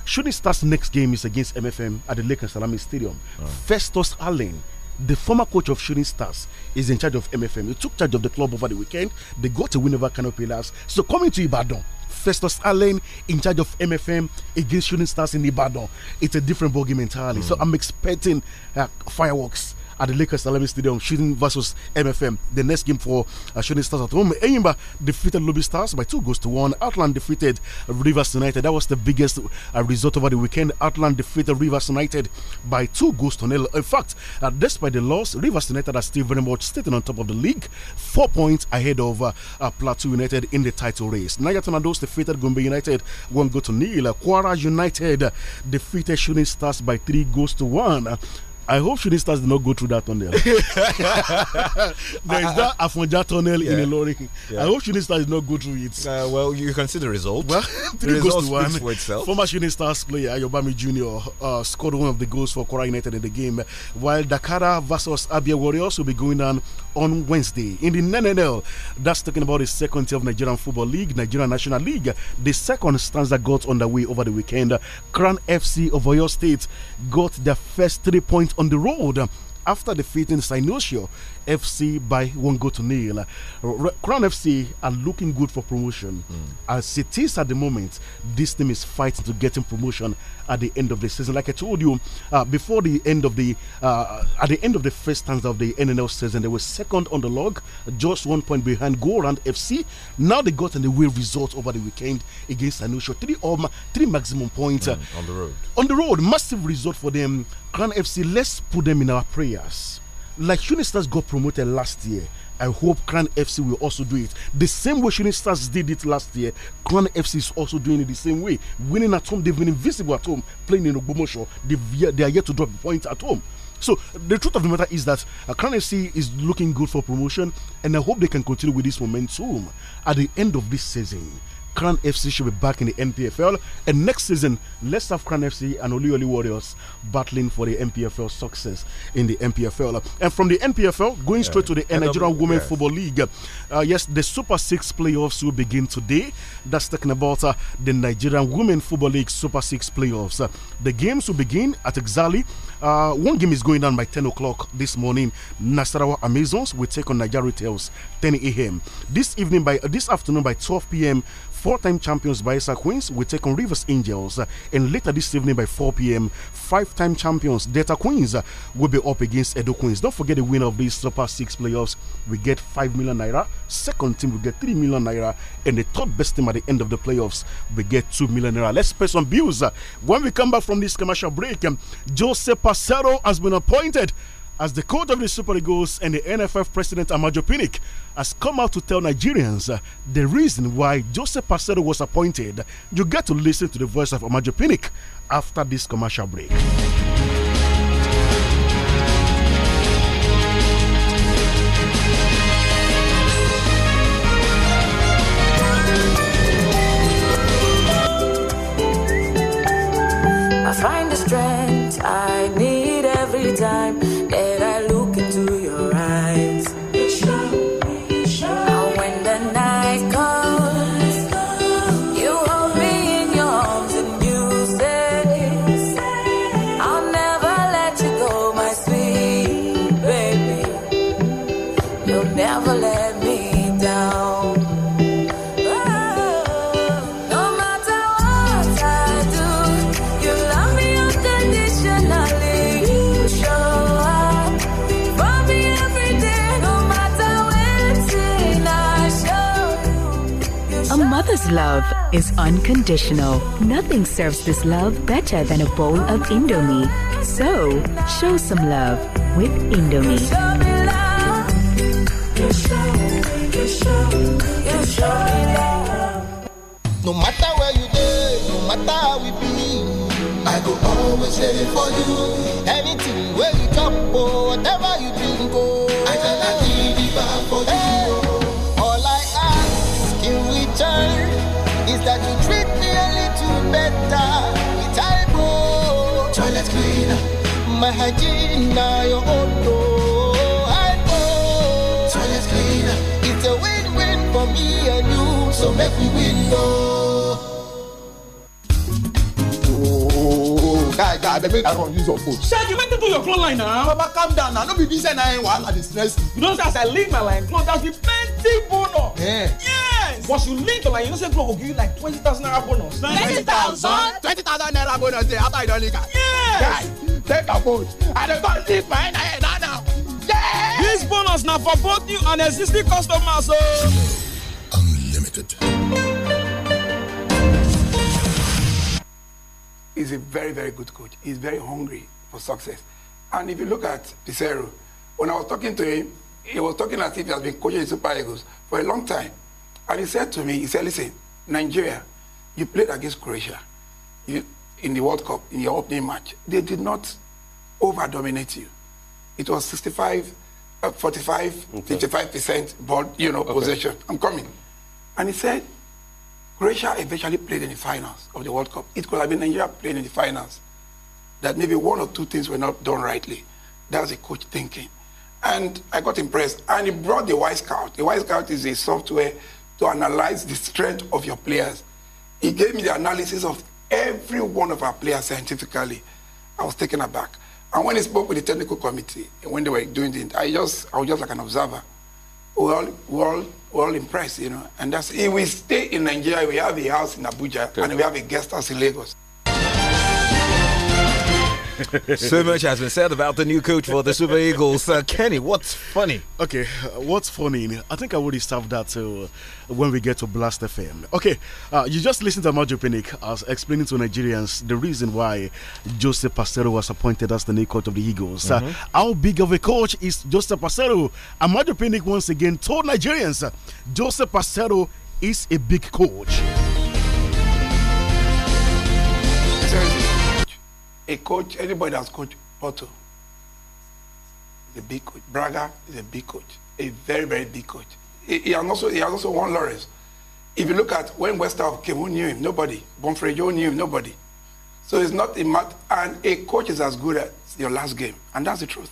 S14: Shooting Stars' next game is against MFM at the Lake and Salami Stadium. Ah. Festus Allen the former coach of Shooting Stars is in charge of MFM. He took charge of the club over the weekend. They got a win over Kano Pillars. So coming to Ibadan, Festus Allen in charge of MFM against Shooting Stars in Ibadan. It's a different ballgame entirely. Mm. So hmm. I'm expecting uh, fireworks at the Lakers Salami Stadium, shooting versus MFM. The next game for uh, Shooting Stars at home, Enyimba defeated Lobby Stars by two goals to one. Outland defeated Rivers United. That was the biggest uh, result over the weekend. Outland defeated Rivers United by two goals to nil. In fact, uh, despite the loss, Rivers United are still very much sitting on top of the league, four points ahead of uh, uh Plateau United in the title race. Niger Tornadoes defeated Gombe United one goal to nil. Kwara United defeated Shooting Stars by three goals to one. I hope Shooting Stars did not go through that tunnel. there is that Afonja tunnel yeah. in Ilorin. Yeah. I hope Shooting Stars did not go through it.
S2: Uh, well, you can see the result. Well, three the goes to one. For itself.
S14: Former Shooting Stars player Yobami Junior uh, scored one of the goals for Kora United in the game, while Dakara versus Abia Warriors will be going on on Wednesday. In the NNL, that's talking about the second tier of Nigerian Football League, Nigerian National League. The second stanza got underway over the weekend. Crown FC of Oyo State got their first three points on the road after defeating Sinosio FC by one goal to nil. Crown FC are looking good for promotion. Mm. As it is at the moment, this team is fighting to get in promotion at the end of the season. Like I told you, uh, before the end of the uh, at the end of the first stanza of the NNL season, they were second on the log, just one point behind Goran FC. Now they got an away result over the weekend against Anusha. Three um, three maximum points mm, on the road. On the road, massive result for them. Crown FC. Let's put them in our prayers like Shooting Stars got promoted last year. I hope Crown FC will also do it. The same way Shooting Stars did it last year, Crown FC is also doing it the same way. Winning at home, they've been invisible at home, playing in Ogbomosho. They are yet to drop points at home. So the truth of the matter is that Clan uh, Crown FC is looking good for promotion, and I hope they can continue with this momentum at the end of this season. Crown FC should be back in the NPFL. And next season, let's have Crown FC and Olioli Warriors battling for the NPFL success in the NPFL. And from the NPFL, going yeah. straight to the Nigerian Women yes. Football League. Uh, yes, the Super Six playoffs will begin today. That's talking about uh, the Nigerian Women Football League Super Six playoffs. Uh, the games will begin at exactly uh, one game is going down by 10 o'clock this morning. Nasarawa Amazons will take on Nigeria Tales 10 a.m. This evening by uh, this afternoon by 12 p.m. Four-time champions Baisa Queens will take on Rivers Angels. Uh, and later this evening by 4 p.m., five-time champions Delta Queens uh, will be up against Edo Queens. Don't forget the winner of these Super 6 playoffs we get 5 million naira. Second team will get 3 million naira. And the third best team at the end of the playoffs we get 2 million naira. Let's pay some bills. Uh. When we come back from this commercial break, um, Jose Passero has been appointed as the coach of the Super Eagles and the NFF president Amadio Pinnick has come out to tell Nigerians uh, the reason why Joseph Pacero was appointed. You get to listen to the voice of Amadio Pinnick after this commercial break.
S5: is unconditional. Nothing serves this love better than a bowl of Indomie. So, show some love with Indomie.
S4: No matter where you go, no matter how we be, I go always ready for you. Anything where you or whatever you drink, oh, Mahajina, your Ondo, I know. So let's clean up. It's a win win for me and you, so make we win, no.
S16: Oh,
S8: guy, guy, they make Aaron your phone. Shaq, you make people your clone line now. Papa, calm down now. Don't be busy now. Wahala dey stress you. You know, as I leave my line, clone, that's the plenty bonus. Yeah. Yes. Once you link to line, you know say club will give you like twenty thousand naira bonus. twenty thousand twenty thousand naira bonus dey after you don link am. yes. Guy, state of vote. don't leave my now. now. Yeah! This bonus now for both new and existing customers. So. Oh. Unlimited.
S10: He's a very, very good coach. He's very hungry for success. And if you look at Pizarro, when I was talking to him, he was talking as if he has been coaching the Super Eagles for a long time. And he said to me, he said, listen, Nigeria, you played against Croatia. You in the World Cup in your opening match, they did not over dominate you. It was 65, uh, 45, okay. 55% ball, you know, okay. possession. I'm coming. And he said, Croatia eventually played in the finals of the World Cup. It could have been Nigeria playing in the finals. That maybe one or two things were not done rightly. That's the coach thinking. And I got impressed. And he brought the Wise Scout. The Wise Scout is a software to analyze the strength of your players. He gave me the analysis of every one of our players scientifically. I was taken aback. And when he spoke with the technical committee, when they were doing it, I just, I was just like an observer. We're all, we're all, we're all impressed, you know. And that's, if we stay in Nigeria, we have a house in Abuja, okay. and we have a guest house in Lagos
S2: so much has been said about the new coach for the Super Eagles. Uh, Kenny, what's
S14: funny? Okay, uh, what's funny? I think I already reserve that So, uh, when we get to Blast FM. Okay, uh, you just listened to Majo Pinnick as explaining to Nigerians the reason why Joseph Pastero was appointed as the new coach of the Eagles. Mm -hmm. uh, mm-hmm. how big of a coach is Joseph Pastero? And Majo Pinnick once again told Nigerians uh, Joseph Pastero is a big
S10: coach. a coach, anybody that's coached Porto is a big coach. Braga is a big coach, a very, very big coach. He, he, also, he has also won laurels. If you look at when West Ham came, who knew him? Nobody. Bonfrejo knew him? Nobody. So it's not a matter, and a coach is as good as your last game, and that's the truth.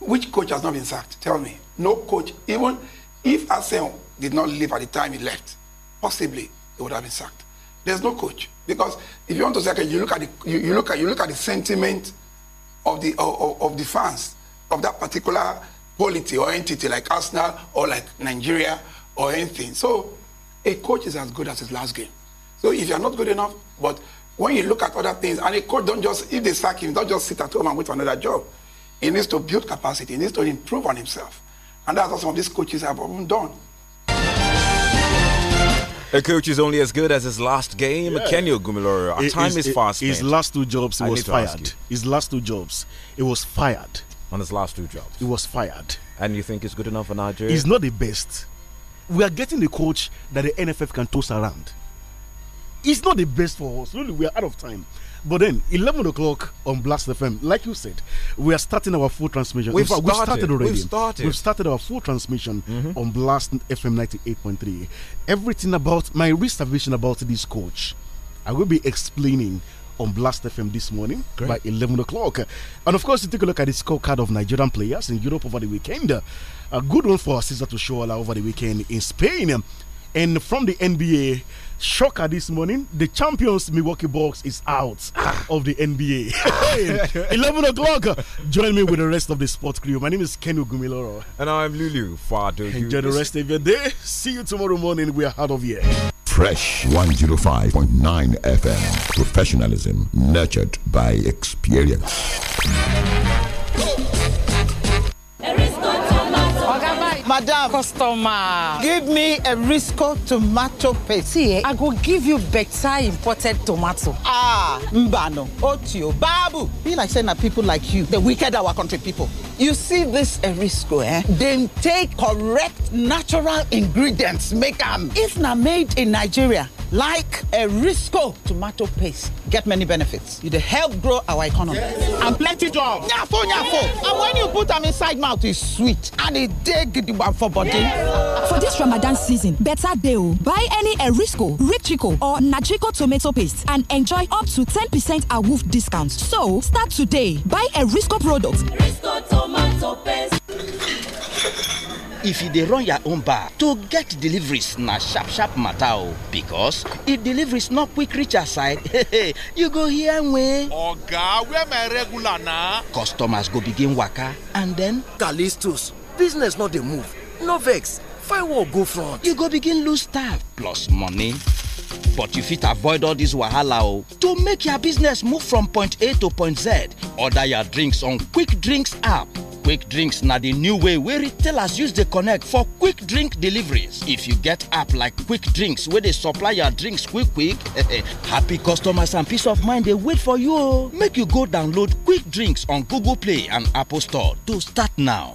S10: Which coach has not been sacked? Tell me. No coach, even if Assel did not leave at the time he left, possibly he would have been sacked. There's no coach. Because if you want to say, okay, you look at the, you, you look at you look at the sentiment of the of, of the fans of that particular polity or entity like Arsenal or like Nigeria or anything. So a coach is as good as his last game. So if you're not good enough, but when you look at other things, and a coach don't just if they sack him, don't just sit at home and wait for another job. He needs to build capacity. He needs to improve on himself, and that's what some of these coaches have often done.
S2: A coach is only as good as his last game. Yeah. Kenyo Gumiloro, our it, time is, fast. His last two jobs, he I was fired.
S14: His last two jobs, he was fired. On his last two jobs, he was fired. And you think it's good
S2: enough for Nigeria?
S17: He's not
S14: the best. We are getting the coach that the NFF can toss around. It's not the best for us. Really, we are out of time. But then, 11 o'clock on Blast FM, like you said, we are starting our full transmission. We've, started, we've started already. We've started. We've started our full transmission mm -hmm. on Blast FM 98.3. Everything about my reservation about this coach, I will be explaining on Blast FM this morning Great. by 11 o'clock. And of course, you take a look at the scorecard of Nigerian players in Europe over the weekend. A good one for show all over the weekend in Spain. And from the NBA, shocker this morning the champions milwaukee bucks is out ah. of the nba 11 o'clock join me with the rest of the sports crew my name is kenny gumiloro
S2: and i'm lulu Fado. enjoy the rest
S14: of your day see you tomorrow morning we are out of here
S12: fresh 105.9 fm professionalism nurtured by experience
S9: Madam. Customer. Give me a Risco tomato paste. See, eh? I go give you better imported tomato. Ah, Mbano, Otio, Babu. Be like saying that people like you, the wicked our country people. You see this Erisco, eh? Then take correct natural ingredients, make them. It's not made in Nigeria, like Erisco tomato paste, get many benefits. You dey help grow our economy. Yes. And plenty jobs. Nyafo nyafo. And when you put them inside mouth, it's sweet and it e dig the gidigba for body. Yes. For this Ramadan
S7: season, better dey Buy any Erisco, Ritrico or Natrico tomato paste and enjoy up to 10% awoof discount. So, start today. Buy Erisco products.
S9: Erisco tomato paste if you dey run your own bar to get deliveries na sharp sharp matter o because if deliveries no quick reach your side you go hear wey. oga where my regular na. customers go begin waka and then. callistus business no dey move no vex firewall go front. you go begin lose staff plus money. But you fit avoid all this wahala o. To make your business move from point A to point Z, order your drinks on Quick Drinks app quick drinks na the new way wey retailers use dey connect for quick drink deliveries if you get app like quick drinks wey dey supply your drinks quick quick happy customers and peace of mind dey wait for you o make you go download quick drinks on google play and apple store to start now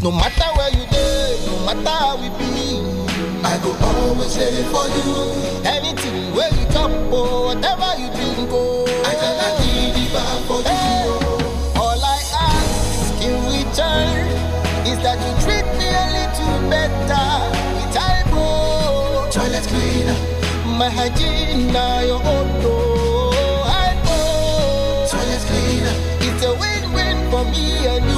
S4: No matter where you go, no matter how we be, I go always there for you. Anything where you come, or oh, whatever you drink, oh, I cannot give back for hey. you. Oh. All I ask in return is that you treat me a little better. Toilet cleaner, my hygiene now your own door. Oh. I Toilet cleaner, it's a win-win for me and you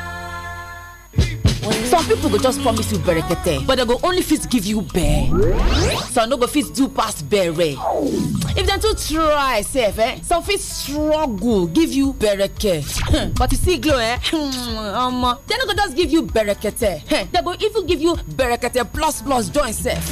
S7: some people go just promise you berekete but dem go only fit give you bere some no go fit do pass bere if dem too try sef eh some fit struggle give you bereke hmm, but you see glow eh hmm, omo dem no go just give you berekete hmm, dem go even give you berekete plus plus join sef.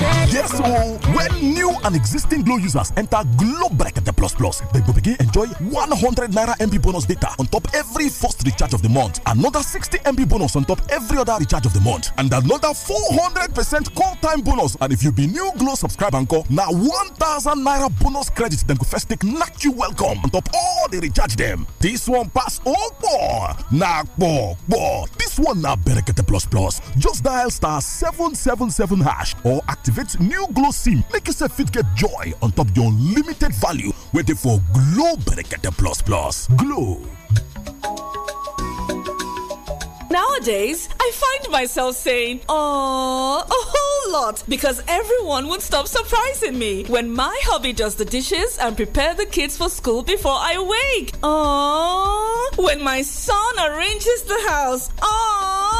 S3: Yes, so oh, when new and existing Glow users enter Glow Bracket Plus Plus, they will begin enjoy 100 Naira MB bonus data on top every first recharge of the month, another 60 MB bonus on top every other recharge of the month, and another 400% call time bonus. And if you be new Glow subscriber encore, now 1000 Naira bonus credit then go first take knock you welcome on top all the recharge them. This one pass all four. now four, four. This one now Bracket Plus Plus. Just dial star 777 hash or active activate new glow sim make yourself fit get joy on top your unlimited value waiting for glow the plus plus glow.
S7: Nowadays, I find myself saying, "Oh, a whole lot," because everyone would stop surprising me when my hubby does the dishes and prepare the kids for school before I wake. Oh, when my son arranges the house. Oh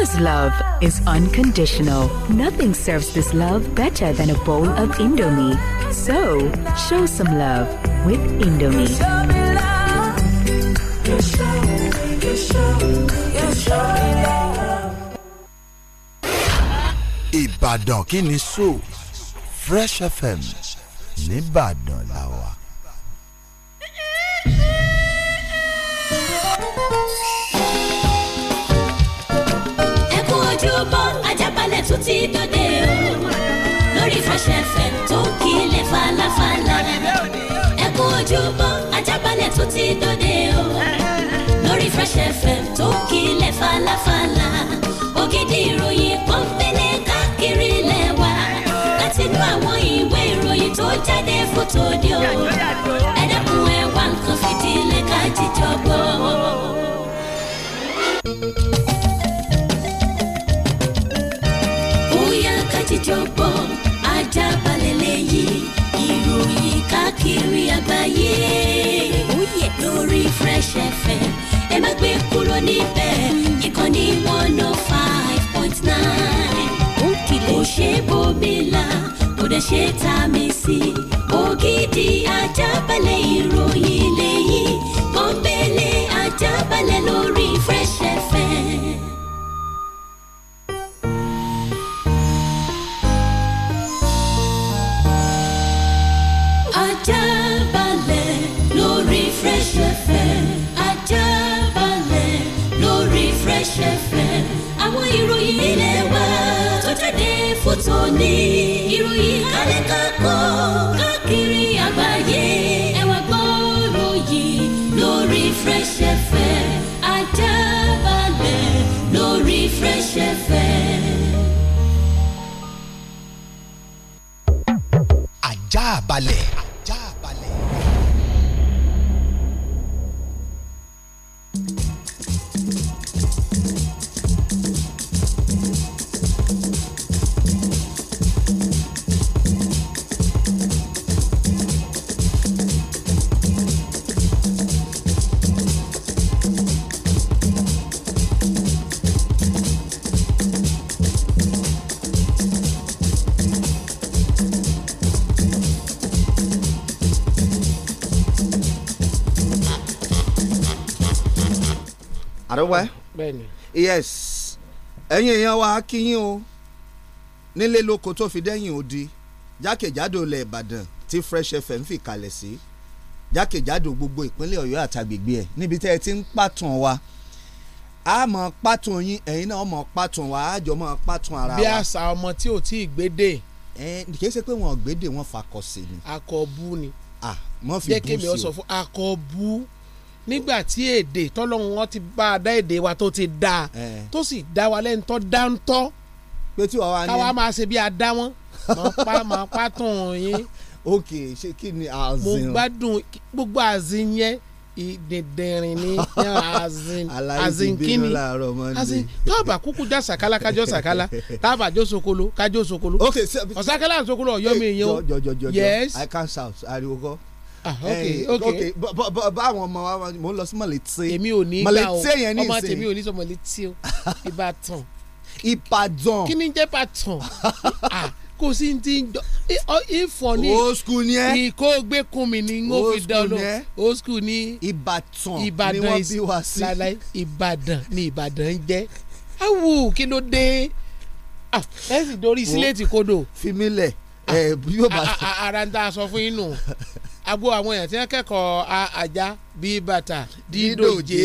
S5: Mother's love is unconditional. Nothing serves this love better than a bowl of Indomie. So, show some love with Indomie.
S16: Ibadan kini so Fresh
S4: FM Nìbàdàn làwà.
S5: ti dòde o lórí Fresh FM tó ń kílẹ̀ falafala ẹ kú ojúmọ́ ajábalẹ̀ tó ti dòde o lórí Fresh FM tó ń kílẹ̀ falafala ògidì ìròyìn pọ́npẹ́lẹ́ káàkiri lẹ́wà láti inú àwọn ìwé ìròyìn tó jáde fótó ni o ẹ dẹ́kun ẹ wá nǹkan fìdílé ká jíjọ gbọ́. ayé lórí Fresh FM ẹ má gbé kúrò níbẹ̀ ìkànnì one oh five point nine kò ṣe bòmílà kò dẹ̀ ṣe tá a mi sí ògidì ajábalẹ̀ ìròyìn lẹ́yìn gbọ̀ngbẹ̀lẹ̀ ajábalẹ̀ lórí Fresh FM. fm àwọn ìròyìn ilé wa tó jáde fún tòní ìròyìn kálẹ̀ kákọ́ káàkiri àgbáyé ẹ wá gbọ́rọ̀ yìí lórí fresh fm ajá balẹ̀ lórí
S16: fresh fm. ajá balẹ̀.
S18: àrẹwà ẹ yes ẹ̀yin èèyàn wa kí yín o nílé lóko tó fi dẹ́yìn odi jákèjádò ilẹ̀ ìbàdàn tí fresh fm fi kalẹ̀ sí jákèjádò gbogbo ìpínlẹ̀ ọ̀yọ́ àtàgbègbè ẹ̀ níbi tẹ́ ẹ ti ń pàtàn wa a mọ̀ pàtàn yín ẹ̀yin náà mọ̀ pàtàn wa a jọ mọ̀ pàtàn ara wa. bí àṣà ọmọ tí ò tí ì gbédè. ẹ kì í ṣe pé wọn ò gbédè wọn fakọ sí ni. akọ bú ni. ah mọ fi bú sí o. jẹ́ kémi ọ sọ
S19: fún akọ bú nígbà tí èdè tọ́lọ́run wọn ti bá a dá èdè wa tó ti dá tó sì dá wa lẹ́nu tó dá ń tọ́ káwa máa ṣe bí a dá wọn máa pa tún yín. ok ṣé kí ni àzìn. mo gbádùn gbogbo àzìn yẹn ìdìndìnrín ni azin azin kini azin tábà kúkú já sàkálà kájọ sàkálà tábà jó sokolo kájọ sokolo ọ̀sàkálà sokolo ọ̀yọ́ mi yẹn o yes. I
S18: can't shout ariwo kọ́. Ah, eh, ok báwọn ọmọ wa mò ń lọ sí mọ̀lẹ́tì èmi ò ní gbà o ọmọ tèmi
S19: ò ní sọ mọ̀lẹ́tì o ìbátan ìbàdàn kí ni jẹ́ ìbàdàn ah, kò sí ti ń jọ ìfọ̀ ní ìkógbékunmi ni n ó fi dán lọ old school ní ìbàdàn ni wọ́n bí wá sí ìbàdàn ni ìbàdàn ń jẹ́ awo kí ló dé ah, ẹ sì dorí sílẹ̀ tí kodò. fi mí lẹ̀ ẹ eh, bí yóò bá. ara ń tà sọ fún yín agbo àwọn èèyàn tí wọ́n kẹ́kọ̀ọ́ àjà bíi bàtà dídòjé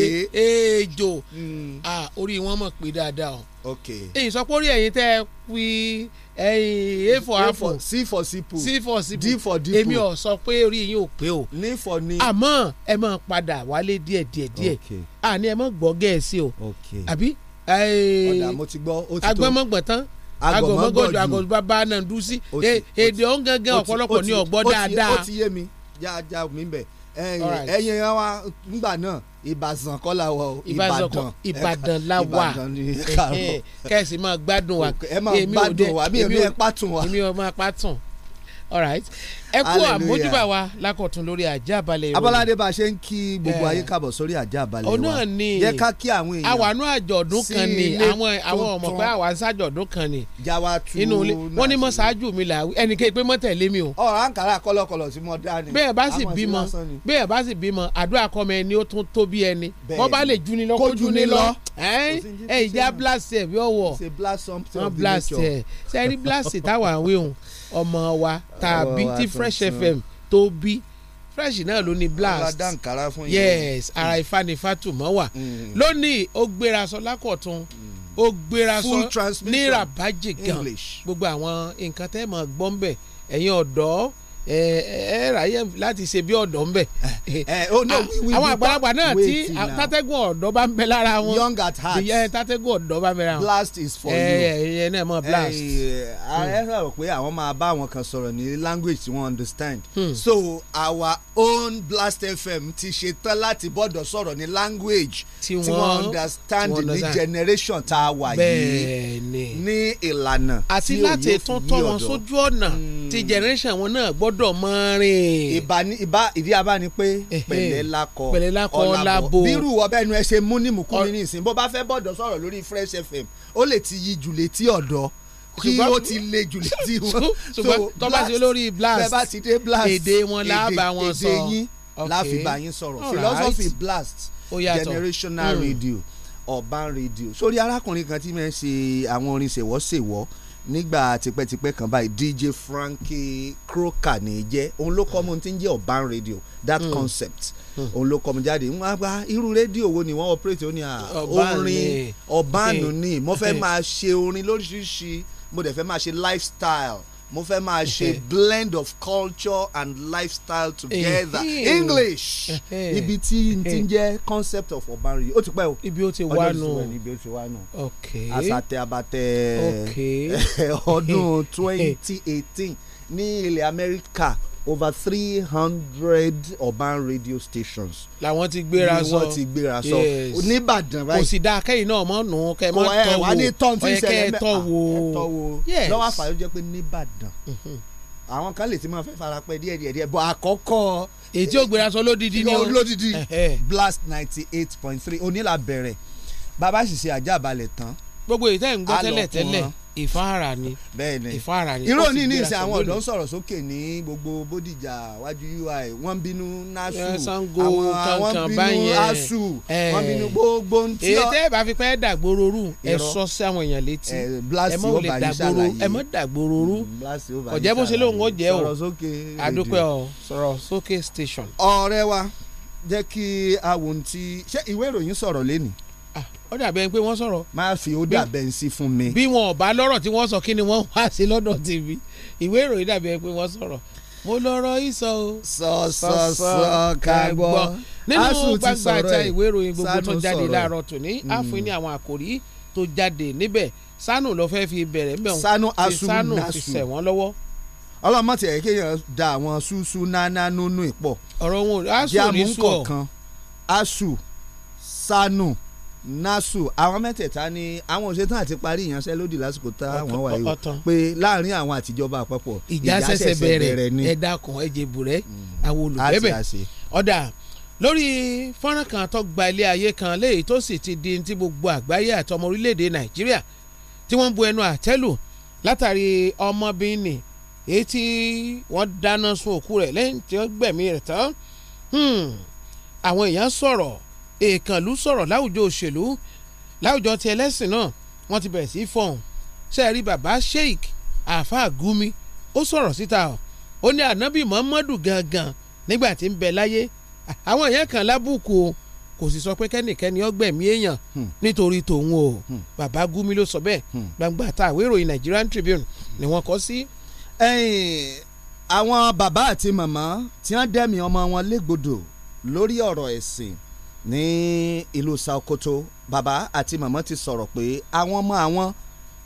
S19: èèjò hmm. orí wọn mọ̀ pé dáadáa o. ok èyí sọ pé orí ẹ̀yin tẹ́ ẹ fi ẹyin a for apple c for sipu c for sipu d for dipu èmi ò sọ pé orí yín ò pé o ní for ní. àmọ́ ẹ máa padà wálé díẹ̀ díẹ̀ díẹ̀ àní ẹ máa gbọ́ gẹ̀ẹ́sì o àbí. ọ̀dà mo ti gbọ́ ó ti tó agbọ́mọgbọ̀n tán agọmọgọdọ agọdọ bàbá náà dùn sí èdè ọ̀hún gangan ọ̀pọ̀lọpọ̀ ní ọ̀gbọ́ dáadáa
S18: já já mi bẹ̀ ẹ̀yin wa ngbà náà ìbàdàn kọ́ la o ìbàdàn ìbàdàn la wà
S19: kẹ́sì máa gbádùn wa èmi ò dé èmi ò máa pàtùn alright ẹ kú àmójúbà wa lákọ̀tún lórí àjàbalẹ̀ ìròyìn. abọ́ládé
S18: bá a ṣe ń kí gbogbo eh. ayé káàbọ̀ sórí àjàbalẹ̀ wa ọ̀nà ni yẹ ká kí àwọn èèyàn àwànú
S19: àjọ̀dún kan ni àwọn àwọn ọmọ pé àwa ń ṣàjọ̀dún kan ni inú ilé wọn ní mọ ṣáájú mi là ẹnìkan pé mọ tẹ̀lé
S18: mi o. ọ̀rọ̀ àǹkárá kọlọkọlọ tí mo dá ni. bẹ́ẹ̀ bá sì bímọ
S19: bẹ́ẹ̀ bá sì bímọ àdúrà kọ́mọ ẹni ó tún tóbi ẹni wọ́n bá lè juni lọ kó juni lọ ẹ ìjà blast ẹ̀ bí ọ̀wọ̀
S18: blast ẹ̀
S19: sẹ́ni blast táwa ń wí òun ọmọ wa tàbí tí fresh fm tó bí fresh náà ló ní blast
S18: yes
S19: ara mm. ifá ni fatumọ wà mm. lónìí ó gbéra sọ lákọ̀tún mm. ó gbéra sọ ní rabaji gan gbogbo àwọn nǹkan tẹ́ mọ̀ gbọ́n bẹ̀ ẹ̀yin ọ̀dọ́ ẹ ẹ ráyè láti ṣe bí ọ̀dọ́ ń bẹ̀. Eh, eh, oh, ah, àwọn àgbàlagbà náà tí tátẹ́gùn ọ̀dọ́ bá ń bẹ lára wọn young at heart tátẹ́gùn ọ̀dọ́ bá ń bẹ lára wọn. blast
S18: is for eh, you. Hmm. ẹ ẹ náà mọ blast. ẹ rò pé àwọn máa bá àwọn kan sọ̀rọ̀ ní language tí wọ́n understand. Hmm. so our own blast fm ti ṣe tán láti bọ́dọ̀ sọ̀rọ̀ ní language tí wọ́n understand ní generation tá a wà yìí ní ìlànà. àti láti tún tọ́ wọn sójú ọ̀nà tí hmm. generation wọn náà gbọ́dọ̀ gbọ́dọ̀ mọ rìn. ìbá ìdí abá ni pé pẹ̀lẹ́ lakọ ọ̀làbọ̀ bírù ọbẹ̀ ẹnu ẹ ṣe mú ní mùkúmi ní ìsìn bó bá fẹ́ bọ̀dọ̀ sọ̀rọ̀ lórí Fresh FM ó lè ti yí jù létí ọ̀dọ́ kí ó ti le jù létí wọn. ṣùgbọ́n tó bá blast èdè wọn lábàá wọn sọ èdè yín láfi bá yín sọ̀rọ̀ philosophy blast generational hmm. radio urban radio sórí arákùnrin kan tí mo ń ṣe àwọn orin ṣèwọ́ nígbà tipẹ́tipẹ́ kan báyìí DJ Frankie Croker ní í jẹ́ òun ló kọ́ mu ti ń jẹ́ urban radio that mm. concept hmm. òun ló kọ́ mu jáde ń wá gba irú rédíò wo ni wọ́n operate ó ní orin ọ̀bánu ni mo fẹ́ hmm. máa ṣe orin lóríṣiríṣi mo dẹ̀ fẹ́ máa ṣe lifestyle mo fẹ́ máa ṣe blend of culture and lifestyle together english ibi tí n ti jẹ́ concept of Obanrin ó ti pẹ́ o ibi ó ti wá nù ibi ó ti wá nù àsàtẹ̀ àbàtẹ̀ ọdún twenty eighteen ní ilẹ̀ amẹ́ríkà over three hundred urban radio stations. làwọn ti
S19: gbéra sọ ni wọ́n ti gbéra sọ nìbàdàn báyìí. kò sì dáa kẹ́yìn náà mọ́ nù kẹ́ mọ́ tọ́ wo ọ̀yẹ́ kẹ́ tọ́ ah, wo. lọ́wọ́ àfààní
S18: jẹ́ pé nìbàdàn mhm. àwọn kan lè ti máa fẹ́ farapẹ́ díẹ̀ díẹ̀ díẹ̀ bọ́ àkọ́kọ́. èyí ò gbéra sọ lódìdí ni o lódìdí blast ninety eight point three onílà bẹ̀rẹ̀ bàbá sì ṣe àjàbalẹ̀ tán. gbogbo ìtẹ́ ń gbọ́ tẹ́lẹ̀ tẹ́lẹ̀ ìfáàrà ni ìfáàrà ni. irú òní ní ìsìn àwọn ọ̀dọ́ ń sọ̀rọ̀ sókè ní gbogbo bódìjà wájú ui wọ́n bínú nasu àwọn àwọn bínú asu wọ́n bínú
S19: gbogbo ń tí ọ. èyí tẹ́ ẹ bá fi pẹ́ dàgbòrò rú ẹ sọ sí àwọn èèyàn létí ẹ mọ̀ lè dàgbòrò ẹ mọ̀ dàgbòrò rú
S18: ọ̀jẹ́ mm, bó ṣe lóun ó jẹ́ o àdúpẹ́ o sọ̀rọ̀
S19: sókè station.
S18: ọ̀rẹ́ wa jẹ́ kí a wò ó ti ṣé ìwé ìròyìn sọ̀rọ̀ lénìí ó dàbẹ̀ ẹni pé wọ́n sọ̀rọ̀. má fi ó dàbẹ̀ ń sí fún mi.
S19: bí wọn ò bá lọ́rọ̀ tí wọ́n sọ kí ni wọ́n wá sí lọ́dọ̀ tèmi ìwé ìròyìn dàbẹ̀ ẹni pé wọ́n sọ̀rọ̀ mo lọ́rọ̀ ìsọ
S18: o. sọ sọ sọ ká gbọ́.
S19: nínú gbangba àti ìwé ìròyìn gbogbo tó jáde láàárọ̀ tòní á hmm. fún àwọn àkòrí tó jáde níbẹ̀ sanu ló fẹ́ fi bẹ̀rẹ̀ mẹ́wọ̀n sanu asu sanu fi sẹ̀
S18: wọ́n lọ́wọ́. ọlọ́mọ tí ẹ̀kẹ́ da àwọn susu nunu ìpọ̀. ọ̀rọ̀ asu sanu nasu àwọn mẹ́tẹ̀ẹ̀ta ni àwọn òṣètàn àti parí ìyanṣẹ́lódì lásìkò tá àwọn wà yìí pé láàrin àwọn àtijọba àpapọ̀ ìjà ṣẹ̀ṣẹ̀ ni ẹ dákun ẹ jẹ̀bù rẹ hmm. àwọn olùgbẹ́bẹ̀ ọ̀dà lórí
S19: fọ́nrán kan tó gba ilé ayé kan léyìí tó sì ti di ti gbogbo àgbáyé àtọmọ orílẹ̀-èdè nàìjíríà tí wọ́n bu ẹnu àtẹ́lù látàrí ọmọbìnrin èyí tí wọ́n dáná sun òkú rẹ̀ lẹ́yìn tí wọ́n gbẹ̀mí rẹ̀ tán hmm. àwọn èèyàn sọ̀rọ̀ èèkànlú sọ̀rọ̀ láwùjọ òṣèlú láwùjọ ti ẹlẹ́sìn náà wọ́n ti bẹ̀rẹ̀ sí í fọ̀hún sẹ́ẹ̀rí bàbá sheikh àáfàá gumi ó sọ̀rọ̀ síta ọ̀ ó ní ànábì muhammadu gangan nígbà tí ń bẹ láyé àwọn èèyàn kan lábùkù o kò sì sọ pé kẹ́nìkẹ́ni ọgbẹ̀mí èèyàn hmm. nítorí tòun o hmm. bàbá gumi ló sọ
S18: bẹ́ẹ̀ hmm. gbangba ta àwé ìròyìn Nigerian Tribune ni wọ́n kọ sí. àwọn bàbá àti màmá tí wọ́n dẹ́mi ọmọ wọn légbodò lórí ọ̀rọ̀ ẹ̀sìn ní ìlú Sàkótó bàbá àti màmá ti sọ̀rọ̀ pé àwọn ọmọ àwọn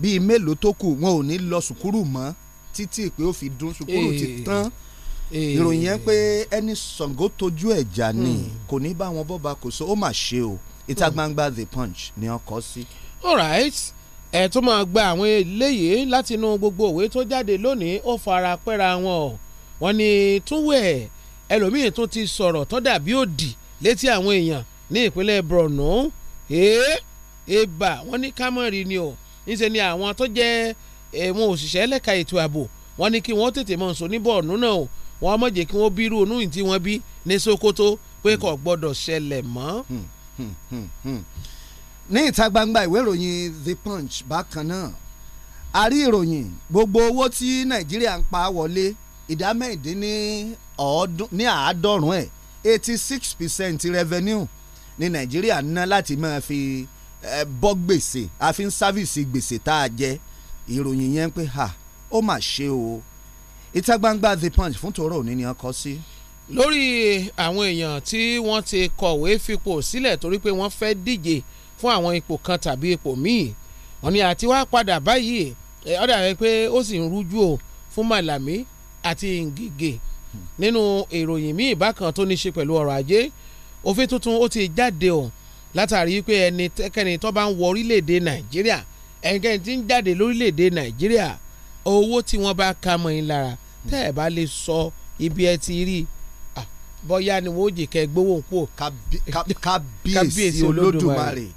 S18: bíi mélòó tó kù wọn ò ní lọ sùkúrù mọ́ títí pé ó fi dún sùkúrù ti eh, tán eh, ìròyìn yẹn pé eh. ẹni Ṣàngó tójú ẹ̀ jà ni hmm. kò ní bá wọn bọ́ba kò so ó mà ṣe o ìta hmm. gbangba The Punch ni wọ́n kọ sí.
S19: all right ẹ̀ tó máa gba àwọn eléyìí láti inú gbogbo òwe tó jáde lónìí ó fara pẹ́ra wọn o wọ́n ní túwẹ̀ ẹlòmíín tó ti sọ̀rọ̀ tó dàbí òdì létí àwọn èèyàn ní ìpínlẹ̀ Borno ee ebà wọ́n ní kámọ́rì ni o ńṣe ni àwọn tó jẹ́ ẹ̀wọ̀n òṣìṣẹ́ lẹ́ka ètò ààbò wọ́n ní kí wọ́n tètè mọ̀ nsọ ní Borno náà o wọ́n mọ̀ jẹ́ kí wọ́n bírú onú ìtí wọ́n bí ní Sokoto pé kò gbọ́dọ̀ ṣẹlẹ̀
S18: mọ́. Hmm, hmm, hmm, ní ìta gbangba ìwé ìròyìn The Punch bákan náà a rí ìròyìn gbogbo owó tí Nàìjíríà ń pa wọlé ìdá mẹ́ẹ̀dín ní àádọ́rùn-ún ẹ̀ eighty six percent revenue ní nàìjíríà ná láti máa fi eh, bọ́ gbèsè àfi ń sáfìsì gbèsè tá a jẹ ìròyìn yẹn pé ha ó mà ṣe o ìta gbangba the punch fún tòró òní ni wọ́n kọ sí.
S19: lórí àwọn èèyàn tí wọ́n ti kọ̀wé fipò sílẹ̀ torí pé wọ́n fẹ́ díje fún àwọn ipò kan tàbí ipò míì wọ́n ní àti wá padà báyìí ọ̀dà rẹ pé ó sì ń rújú o fún Màlàmí àti Ngige nínú ìròyìn míì bákan tó ní ṣe pẹ̀lú ọrọ̀ ajé òfin tuntun ó ti jáde o látàrí pé ẹni tẹ́kẹ́ni tó bá ń wọ orílẹ̀-èdè nàìjíríà ẹnikẹ́ni tí ń jáde lórílẹ̀-èdè nàìjíríà owó tí wọ́n bá ka mọ́ yín lára hmm. tẹ́ ẹ̀ bá lè sọ ibi ẹ ti rí bọ́yá ni wọ́n ó jì kẹ́ gbówó ń kú.
S18: kábíyèsí olódùmarè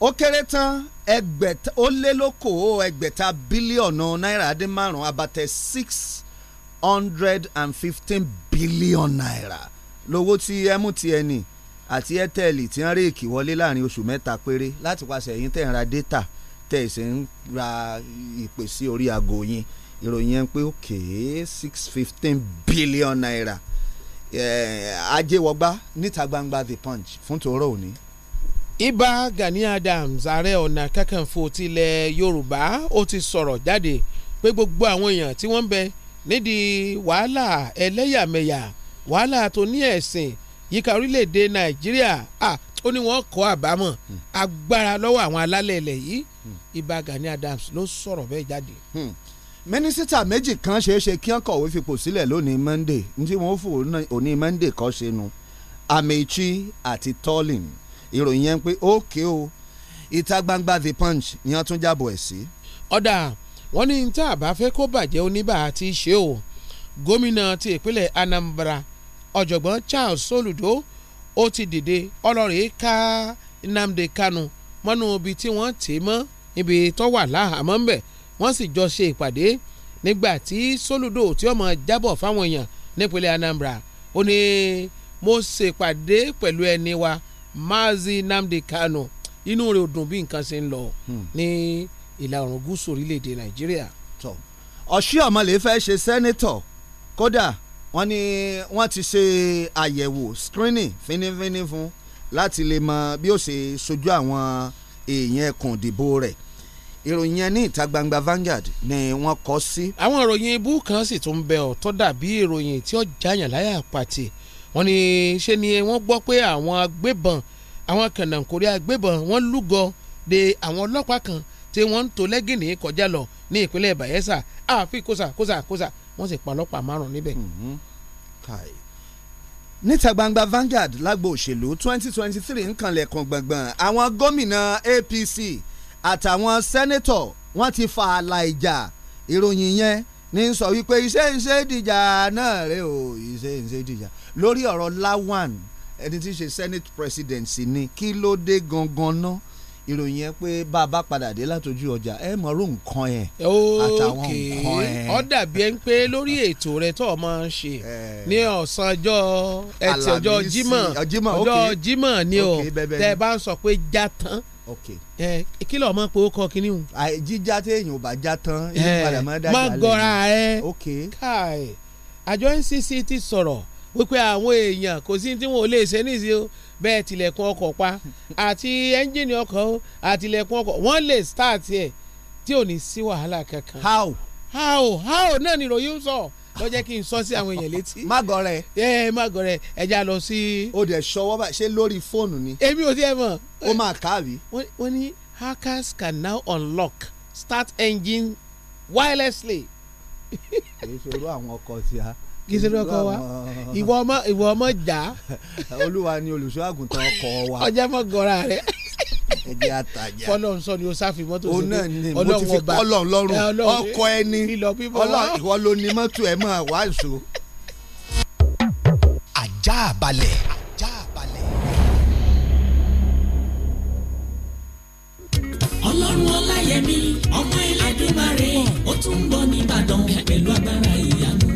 S18: ó kéré tán ẹgbẹ̀ta ó lé lókòó ẹgbẹ̀ta bílíọ̀nù náírà dín márùn-ún abatẹ six hundred and fifteen billion naira lówó tí mtn àti airtel ti ń rèèkì wọlé láàrin oṣù mẹ́ta péré láti pàṣẹ yín tẹ̀ ń ra data tẹ̀ ṣe ń ra ìpè sí orí aago yín ìròyìn yẹn pé òkè six fifteen billion naira ajéwọgbá níta gbangba the punch fún tòórọ́ òní. Ìbà Gani Adams ààrẹ ọ̀nà kakanfò tilẹ̀
S19: Yorùbá ó ti sọ̀rọ̀ jáde pé gbogbo àwọn èèyàn tí wọ́n ń bẹ nídìí wàhálà ẹlẹ́yàmẹ̀yà wàhálà tó ní ẹ̀sìn yíká orílẹ̀-èdè nàìjíríà ó ní wọ́n kọ́ àbámọ̀ hmm. agbára lọ́wọ́ àwọn alálẹ̀ ilẹ̀ yìí ibà hmm. Gani Adams ló sọ̀rọ̀ bẹ́ẹ̀ jáde.
S18: Hmm. mínísítà méjì kan ṣeé ṣe kí wọ́n kọ̀wé fipò sílẹ̀ lónìí Monday ntí wọ́n fò òní Monday kọ́ ṣe nu Amechi àti Tolin ìròyìn yẹn pé ókè o ìta gbangba The Punch ni wọ́n tún jábọ̀
S19: ẹ̀ sí. ọ̀dà wọ́n ní tá a bá fẹ́ kó bàjẹ́ oníbà àti ṣe o gómìnà ti ìpínlẹ̀ Anambra ọ̀jọ̀gbọ́n Charles Soludo ó ti dìde ọlọ́rìí ká Nnamdi Kanu mọ́nú ibi tí wọ́n tì mọ́ ibi tó wà láhàámọ́ ńbẹ̀ wọ́n sì jọ ṣe ìpàdé nígbà tí Soludo tí ọmọ jábọ̀ fáwọn èèyàn nípínlẹ̀ Anambra ó ní mo ṣèpàdé pẹ̀lú ẹni wa Mazi Nnamdi Kanu inú rẹ̀ ò dùn bí nǹkan ṣe ń lọ hmm. ní
S18: ìlà oòrùn gúúsù orílẹ̀-èdè nàìjíríà. ọ̀ṣì ọ̀mọ̀lẹ́ fẹ́ ṣe sẹ́nẹ́tọ̀ kódà wọ́n ní wọ́n ti ṣe àyẹ̀wò screening fínífíní fún láti lè mọ bí ó ṣe sojú àwọn èèyàn ẹkùn ìdìbò rẹ̀ ìròyìn yẹn ní ìta gbangba Vanguard ni wọ́n kọ sí. àwọn ìròyìn ibú kan sì tún bẹ ọ tó
S19: dàbí ìròyìn tí ó jàyàn láyà pàtì wọ́n ní ṣe ni wọ́n gbọ́ pé àwọn agbébọn àwọn kànáńkórí agbébọn wọ́n lúgọ de àwọn ọlọ́pàá kan tí wọ́n ń tò lẹ́gìnì kọjá lọ ní ìpínlẹ̀ Bayelsa àfi kóṣà kóṣà kóṣà wọ́n sì pa ọlọ́pàá márùn
S18: níbẹ̀. Mm-hmm. níta gbangba Vanguard lágbo òṣèlú twenty twenty three ń kanlẹ̀ kan gbọ̀ngbọ̀n àwọn gómìnà APC àtàwọn sẹ́nẹ́tọ̀ wọ́n ti fa ààlà ìjà ìròyìn yẹn ní sọ wípé iṣẹ́ ìṣe ìdìjà náà rẹ o iṣẹ́ ìṣe ìdìjà lórí ọ̀rọ̀ Lawan ẹni tí í ṣe Senate presidency ni kí ló dé gangan náà ìròyìn yẹn pé bá a bá padà dé látọjú ọjà ẹ mọ ró nǹkan yẹn
S19: àtàwọn nǹkan yẹn. ó dàbí ẹ ń pé lórí ètò rẹ tó o máa ń ṣe ní ọ̀sán ọjọ́ ẹtì ọjọ́ jímọ̀ ọjọ́ jímọ̀ ni o tẹ bá ń sọ pé já tán ẹ kí lọ́ọ́ mọ̀ pé ó kọ́ kínní o. jíjá téèyàn ò bá já tán ilé padà máa dàgbà lẹ́yìn. má gọra ẹ àjọ NCC ti sọ̀rọ̀ wípé àwọn èèyàn kò sí tí wọn ò lè ṣe níṣẹ́ bẹ́ẹ̀ tilẹ̀kùn ọkọ̀ pa àti ẹ́ńjìnì ọkọ̀ o ọkọ̀ wọ́n lè start ẹ̀ tí ò ní sí wàhálà kankan. how how how náà ni ìròyìn sọ lọ jẹ́ kí n sọ sí àwọn èèyàn létí. má gọrẹ. ẹ má gọrẹ ẹ já lọ sí. o dẹ̀ sọwọ́ bá ṣe lórí fóònù ni. èmi ò tiẹ̀ mọ̀. ó máa káàbí. wọ́n ní hackers can now unlock start engine wirelessly.
S18: èyí ṣòro àwọn ọkọ̀ tí a kì í wa ìwọ
S19: ọmọ ìwọ ọmọ jà.
S18: olúwa ni olùṣọ́ ọkọ wa. ọjà mọ gọra rẹ. ẹjẹ àtàjà fọlọ́n sọ ni o sáfì mọ́tò sí pé ọlọ́run ọba ọlọ́run lọ́rùn ọkọ ẹni ọlọ́run ìwọ ló ní mọ́tò ẹ̀ máa wá ìṣó. ajá balẹ̀.
S7: ọlọ́run ọláyẹmí ọmọ ẹlẹ́dùnmarè ó tún ń bọ̀ nìbàdàn pẹ̀lú agbára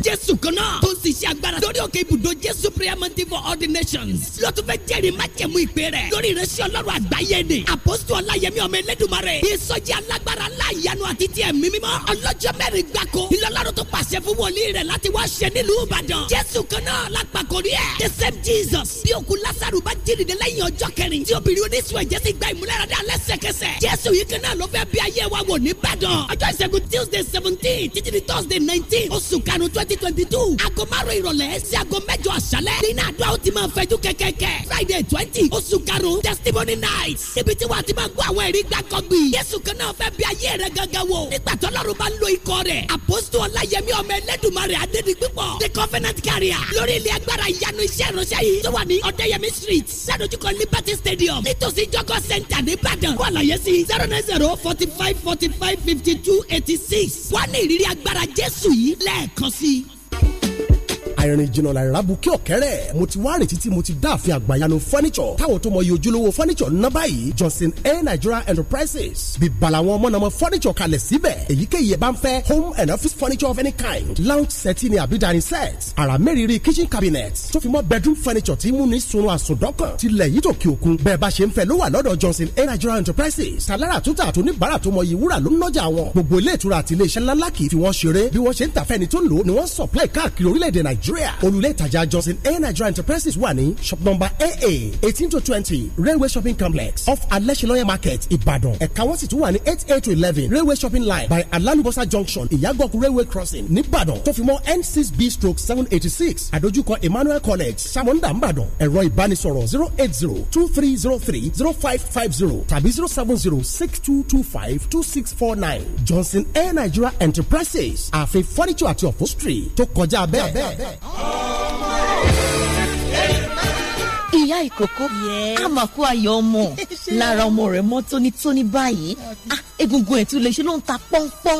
S7: jésù kan náà tó ń ṣiṣẹ́ agbára lórí òkè ibùdó jésù prayer mountain for all the nations ló tún fẹ́ jẹ́rìí májẹ̀mú ìpè rẹ̀ lórí ìrẹsì ọlọ́run àgbáyé ni àpòsù ọláyẹmí ọmọ ẹlẹ́dùnmarè ìsọjí alágbára láàyànú àti tiẹ̀ mímímọ́ ọlọ́jọ́ mẹ́rin gbáko ìlọ́lọ́run tó pàṣẹ fún wòlíì rẹ̀ láti wá ṣe nílùú ìbàdàn jésù kan náà lápàkórí ẹ̀ the same jesus bí òkú lásàrù bá jíǹde lẹ́yìn ọjọ́ kẹrin tí obìnrin oníṣùn ẹ̀jẹ̀ sì gba ìmúláradá lẹ́sẹ̀kẹsẹ̀ jésù yìí kan náà ló fẹ́ bí ayé wa wò ní ìbàdàn ọjọ́ ìṣẹ́gun tuesday seventeen títí di thursday nineteen oṣù twenty two aago márùn ìrọ̀lẹ́ sí aago mẹ́jọ àṣálẹ́ nínú àdúrà ó ti máa fẹjú kẹ́kẹ́kẹ́ friday twenty oṣù karùn-ún testimony night ibi tí wàá ti máa gbọ́ àwọn ẹ̀rí gbàkọ́gbì yéṣù kan náà fẹ́ bí ayé rẹ̀ gangan wò nígbà tọ́lọ́run bá lo ikọ̀ rẹ̀ apostle ọláyẹmí ọmọ ẹlẹ́dùnmarè adédìgbípọ̀ the covenant carrier lórí ilẹ̀ agbára ìyanu iṣẹ́ ìránṣẹ́ yìí tó wà ní ọ̀dẹ́yẹmí street sádójúkọ liberty stadium nítòsí jọgọ center nìbàdàn wà láyé sí zero nine
S6: zero forty five forty
S7: five fifty two eighty six wà ní ìrírí agbára jésù yìí lẹ́ẹ̀kan sí i
S16: àìrìn jìnnà làrá bukí ọ̀kẹ́rẹ́ mo ti wá retí tí mo ti dá àfin àgbàyanu furniture táwọn tó mọ iye ojúlówó furniture ná báyìí Johnson A Nigeria Enterprises bíbá làwọn mọ̀nàmọ́ furniture kalẹ̀ síbẹ̀ èyíkéyìí ẹ̀ bá ń fẹ́ home and office furniture of any kind lounge set ni àbí dining set Ara mẹ́rìírí kitchen cabinet tó fi mọ́ bedroom furniture tí mú ní sunun àsùndọ́kàn tilẹ̀ yìí tó kí òkun bẹ́ẹ̀ bá ṣe ń fẹ́ ló wà lọ́dọ̀ Johnson A Nigeria Enterprises tàlára tó tà tó níbàárà tó mọ iye wúrà ló ń nọ́jà wọn gbogbo ilé ìtura àti ilé iṣẹ́ ńláńlá kì í fi wọ́n ṣeré bí wọ́n ṣe ń tàfẹ́ni tó lò ó ni wọ́n supply káàkiri orílẹ̀-èdè Nàìj nàìjíríà olùlé ìtajà johnson air nigeria enterprises wà ní shop number aa eighteen to twenty railway shopping complex off alẹ́sìlọ́yẹ̀ market ìbàdàn ẹ̀ka wọ́n sì tún wà ní eight eight to eleven railway shopping line by alalubosa junction ìyàgòkú railway crossing nìbàdàn tó fi mọ́ n six b stroke seven eighty six àdójúkọ emmanuel college samonda nìbàdàn ẹ̀rọ ìbánisọ̀rọ̀ zero eight zero two three zero three zero five five zero tàbí zero seven zero six two two five two six four nine johnson air nigeria enterprises àfi fọ́nìṣọ́ àti upholstery tó kọjá bẹ́ẹ̀ ìyá ìkókó
S7: àmàkù ayọ̀ ọmọ lára ọmọ rẹ̀ mọ́ tónítóní báyìí ah, egungun ẹ̀ tún lè ṣe ló ń ta pọ́npọ́n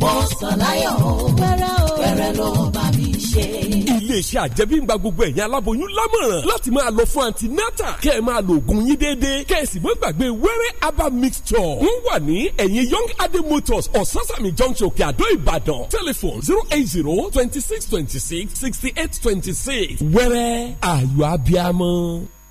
S5: mo sọ láyọ̀ o fẹ́rẹ̀ ló bá mi ṣe.
S8: iléeṣẹ́ àjẹmíngba gbogbo ẹ̀yin aláboyún lámọ̀ràn láti máa lọ fún antinata kẹ́ ẹ máa lo oògùn yín déédéé kẹ́ ẹ sì mọ́ gbàgbé wẹ́rẹ́ herbal mixture wọ́n wà ní ẹ̀yìn young adé motors ososani junction òkè àdó ìbàdàn telephone zero eight zero twenty six twenty six sixty eight twenty six wẹ́rẹ́ ayọ̀ abiamọ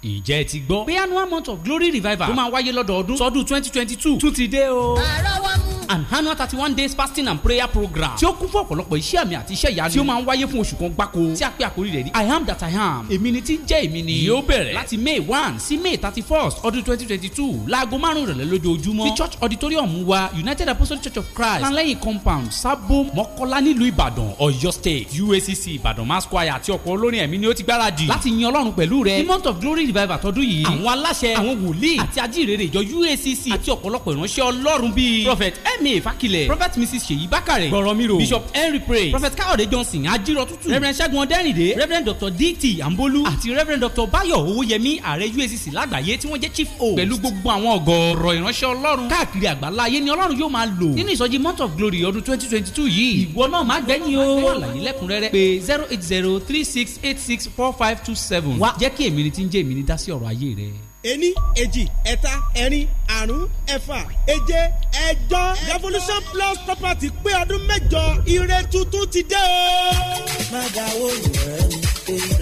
S15: ìjẹ́ ti gbọ́. pé annual month of glory revival tó máa wáyé lọ́dọọdún sọdún twenty twenty two tún ti dé o. àrọ́wọ́ mú. an annual thirty one days fasting and prayer program tí ó kún fún ọ̀pọ̀lọpọ̀ iṣẹ́ àmì àti iṣẹ́ ìyanu tí ó máa ń wáyé fún oṣù kan gbáko tí a pè àkórí rẹ̀ ní i am that i am èmi ni tí ń jẹ́ èmi ni. yóò bẹ̀rẹ̀ láti may one sí may thirty first ọdún twenty twenty two láago márùn-ún ìrọ̀lẹ́ lójoojúmọ́ The church auditorium wa united apostolic church of christ lanlẹ́yìn compound sábò mọ́kọ́lá nílùú ìbàdàn ọ̀yọ́ state uacc ìbàdàn masquire àti ọ̀pọ̀ olórin ẹ̀mí ni ó ti gbáradì láti yin ọlọ́run pẹ̀lú rẹ̀ the month of glory revival tọdún yìí àwọn aláṣẹ àwọn wòlíì àti ajíhìnrere ìjọ UACC àti ọ̀pọ̀lọpọ̀ ìránṣẹ́ ọlọ́run bíi prophet emir fakilẹ̀ prophet mrs seyi bakare gbọ̀rọ̀miro bishop henry pray prophet káyọ̀dé johnson ajírọ̀tútù reverend ṣẹ́gun ọ̀dẹ́rìndé reverend dr dt ambolu àti reverend dr bayo owóyẹmí ààrẹ UACC lágbàáyé tí wọ́n jẹ́ chief O, pẹ̀lú gbogbo àwọn ọ̀gọ̀ọ̀rọ̀ ìránṣẹ́ ọlọ́run káàkiri àgbáláyé ni ọlọ́run yóò máa lò nínú ìsọjí mount of glory ọdún twenty twenty two yìí ìwọ náà má gbẹ́yìn o fún àlàyé lẹ́kùnrẹ́rẹ́ pé zero eight zero three six eight six four five two seven wá jẹ́ kí èmi ni ti ń jẹ́ èmi ni ìdásí ọ̀rọ̀ ayé rẹ
S8: ení èjì ẹ̀ta ẹ̀rin àrún ẹ̀fà èje ẹ̀jọ revolution plus property pé ọdún mẹ́jọ ire tuntun ti dé o. má dáwọ́ ìrẹ́ni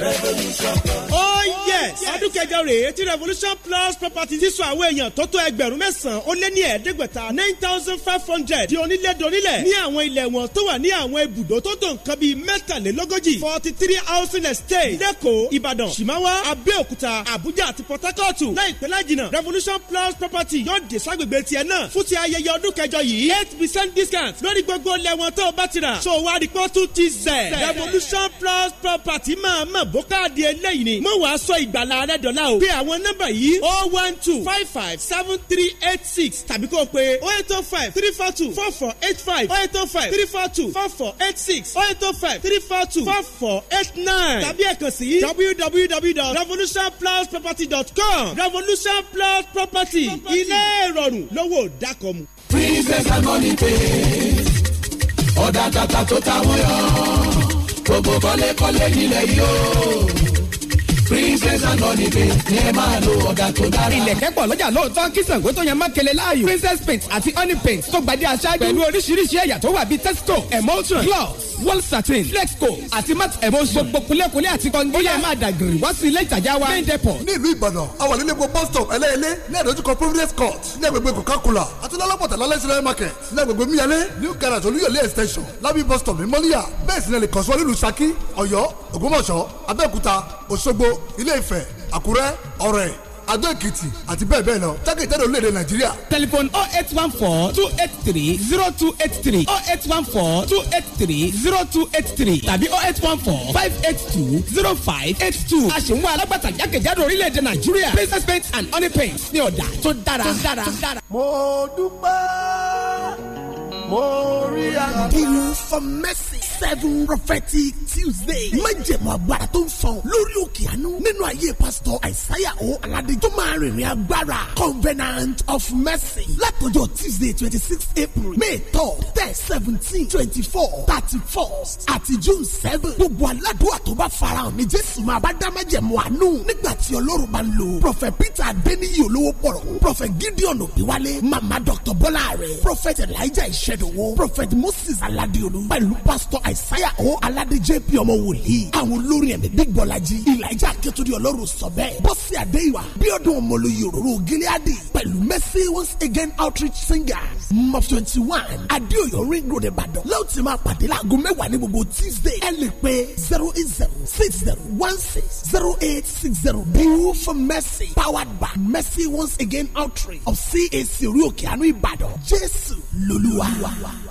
S4: revolution
S8: plus. oh yes ọdún kẹjọ rèé tí revolution plus property ti sọ àwọn èèyàn tó tó ẹgbẹ̀rún mẹ́sàn-án ó lé ní ẹ̀ẹ́dẹ́gbẹ̀ta nine thousand five hundred di onílẹ̀dọ́nílẹ̀ ní àwọn ilẹ̀ wọn tó wà ní àwọn ibùdó tó tó nǹkan bíi mẹ́tàlélógójì forty three housing estate lẹ́kọ̀ọ́ ìbàdàn ṣìmáwá abẹ́òkúta àbújá àti port harcourt two láìpẹ́ revolution plus property yóò dé ságbègbè tiẹ̀ náà fún ti ayẹyẹ ọdún kẹjọ yìí eight percent discount lórí gbogbo lẹ́wọ̀n tó o bá ti rà so wa rìpọ́ tún ti zẹ̀ revolution plus property máa mọ̀ bó káàdì eléyìí ni mo wàá sọ ìgbàlá rẹ dọ̀la o pé àwọn nọ́mbà yìí o oh one two five five seven three eight six tàbí kó o pe o oh eight oh five three four two four four eight five o oh eight oh five three four two four four eight six o eight oh five three four two four four eight nine tàbí ẹ̀kan sí Com revolution plus property ilé ìrọ̀rùn lówó dákọ̀mu. princess and money pay
S3: ọ̀dà tata tó ta wọ́n yọ gbogbo kọ́lékọ́lé nílẹ̀ yìí
S8: o princess and honey paint ní ẹ máa lo ọ̀dà tó dára. ìlẹ̀kẹ̀ pọ̀ lọ́jà lóòótọ́ kí Ṣàngó tó yan mákele láàyò princess paint àti honey paint tó gbadé aṣáájú pẹ̀lú oríṣiríṣi ẹ̀yà tó wà bíi tesco emulsion gloss wall satin flexco àti matte emulsion gbogbo kúlẹ̀kúlẹ̀ àti kọ́ngílá. ó yẹ máa dàgìrì wá sí ilé ìtajà wa main depot. ní ìlú Ìbàdàn àwọn ilé epo bus stop ẹlẹ́yẹlé ní àdójúkọ providence court ní agbègbè coca-cola àti lọ́lọ́pọ̀tà lálẹ́sẹ̀rẹ́ market ní agbègbè miyalé new
S16: garage olúyọ̀lé extension lábí bus stop ní mọ́níyà bẹ́ẹ̀ sì ni lè kàn sí wọn nílùú Ṣakí Ọ̀yọ́ Ògbómọ̀ṣọ́
S8: Abẹ́òkúta Òṣogbo ilé ifẹ̀ àkúrẹ́ ọ̀rẹ́ adó èkìtì àti bẹ́ẹ̀ bẹ́ẹ̀ lọ jákèjádò orílẹ̀-èdè nàìjíríà. tẹlifon oh eight one four two eight three zero two eight three oh eight one four two eight three zero two eight three tàbí oh eight one four five eight two zero five eight two. a ṣe ń wá alágbàtà jákèjádò orílẹ̀-èdè nàìjíríà princess paint and honey paint ní ọ̀dà tó dára. mo dúpẹ́ mo
S3: rí àná. Deal for mercy seven prophetic Tuesday. Májẹ̀mú agbára tó ń sọ lórí òkè àánú nínú ayé pásítọ̀ Àìsáyà O Aládé tó máa rìnrìn agbára Covenant of Mercy látọjọ́ Tuesday twenty six April May tọ́ ten seventeen twenty four thirty first àti June seven. Gbogbo aládùúgbò tó bá farahàn ní Jésù máa bá dá májẹ̀mú àánú nígbà tí Ọlọ́run bá ń lò. Prophet Peter Adéníyí olówó pọ̀rọ̀. Prọfẹ̀ Gideon Òbíwálé. Màmá Dr. Bọ́lá rẹ̀. Prọfẹ̀ Elijah Ìṣẹ̀dá ìdòwò prophet moses aládéolú pẹ̀lú pastor isaiah o aládé jp ọmọ wòlíì àwọn olórin ẹ̀mí bí gbọ́lájí ìlàjà akẹ́tùdí ọlọ́run sọ bẹ́ẹ̀ bọ́sì adéyíwá bíọ́dún ọmọlú yòròrò gíláàdì pẹ̀lú mercy once again outreach singers mop twenty one adéoyò ring road ìbàdàn lẹ́yìn tí máa pàdé láago mẹ́wàá ní gbogbo tuesday ẹ lè pe zero eight zero six zero one six zero eight six zero bill for mercy powered by mercy once again outreach of cac orí òkè àánú ìbàdàn jésù lolúwa. wow.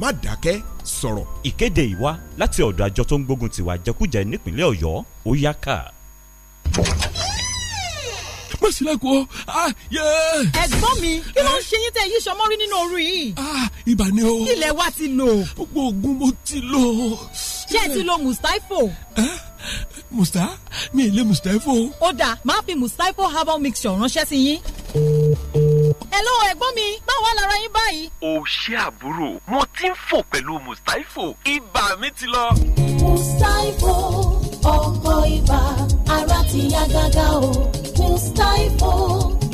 S20: má dákẹ́ sọ̀rọ̀.
S2: ìkéde ìwá láti ọ̀dọ̀ àjọ tó ń gbógun tiwa jẹkújẹ nípínlẹ̀ ọ̀yọ́ ó yá ká.
S9: má sí lẹ́kọ̀ọ́ ah, ẹ̀gbọ́n mi kí ló ń eh? ṣe yín tẹ́ yí sọmọ́rí nínú òru yìí. Ah, ibà ni o. ilẹ̀ wa ti lò. gbogbo oògùn mo ti lò. ṣé ẹ ti lo mustapho. Eh? musta mi ì lé mustapho. ó dáa máa fi mustapho herbal mixture ránṣẹ́ sí yín. Hello ẹ̀gbọ́n mi, báwo lára yín báyìí?
S20: O ṣé àbúrò, mo ti ń fò pẹ̀lú Mustapho, ibà mi ti lọ.
S5: Mustapho, ọkọ̀ ibà,
S9: ara ti yá gágá o. Mustapho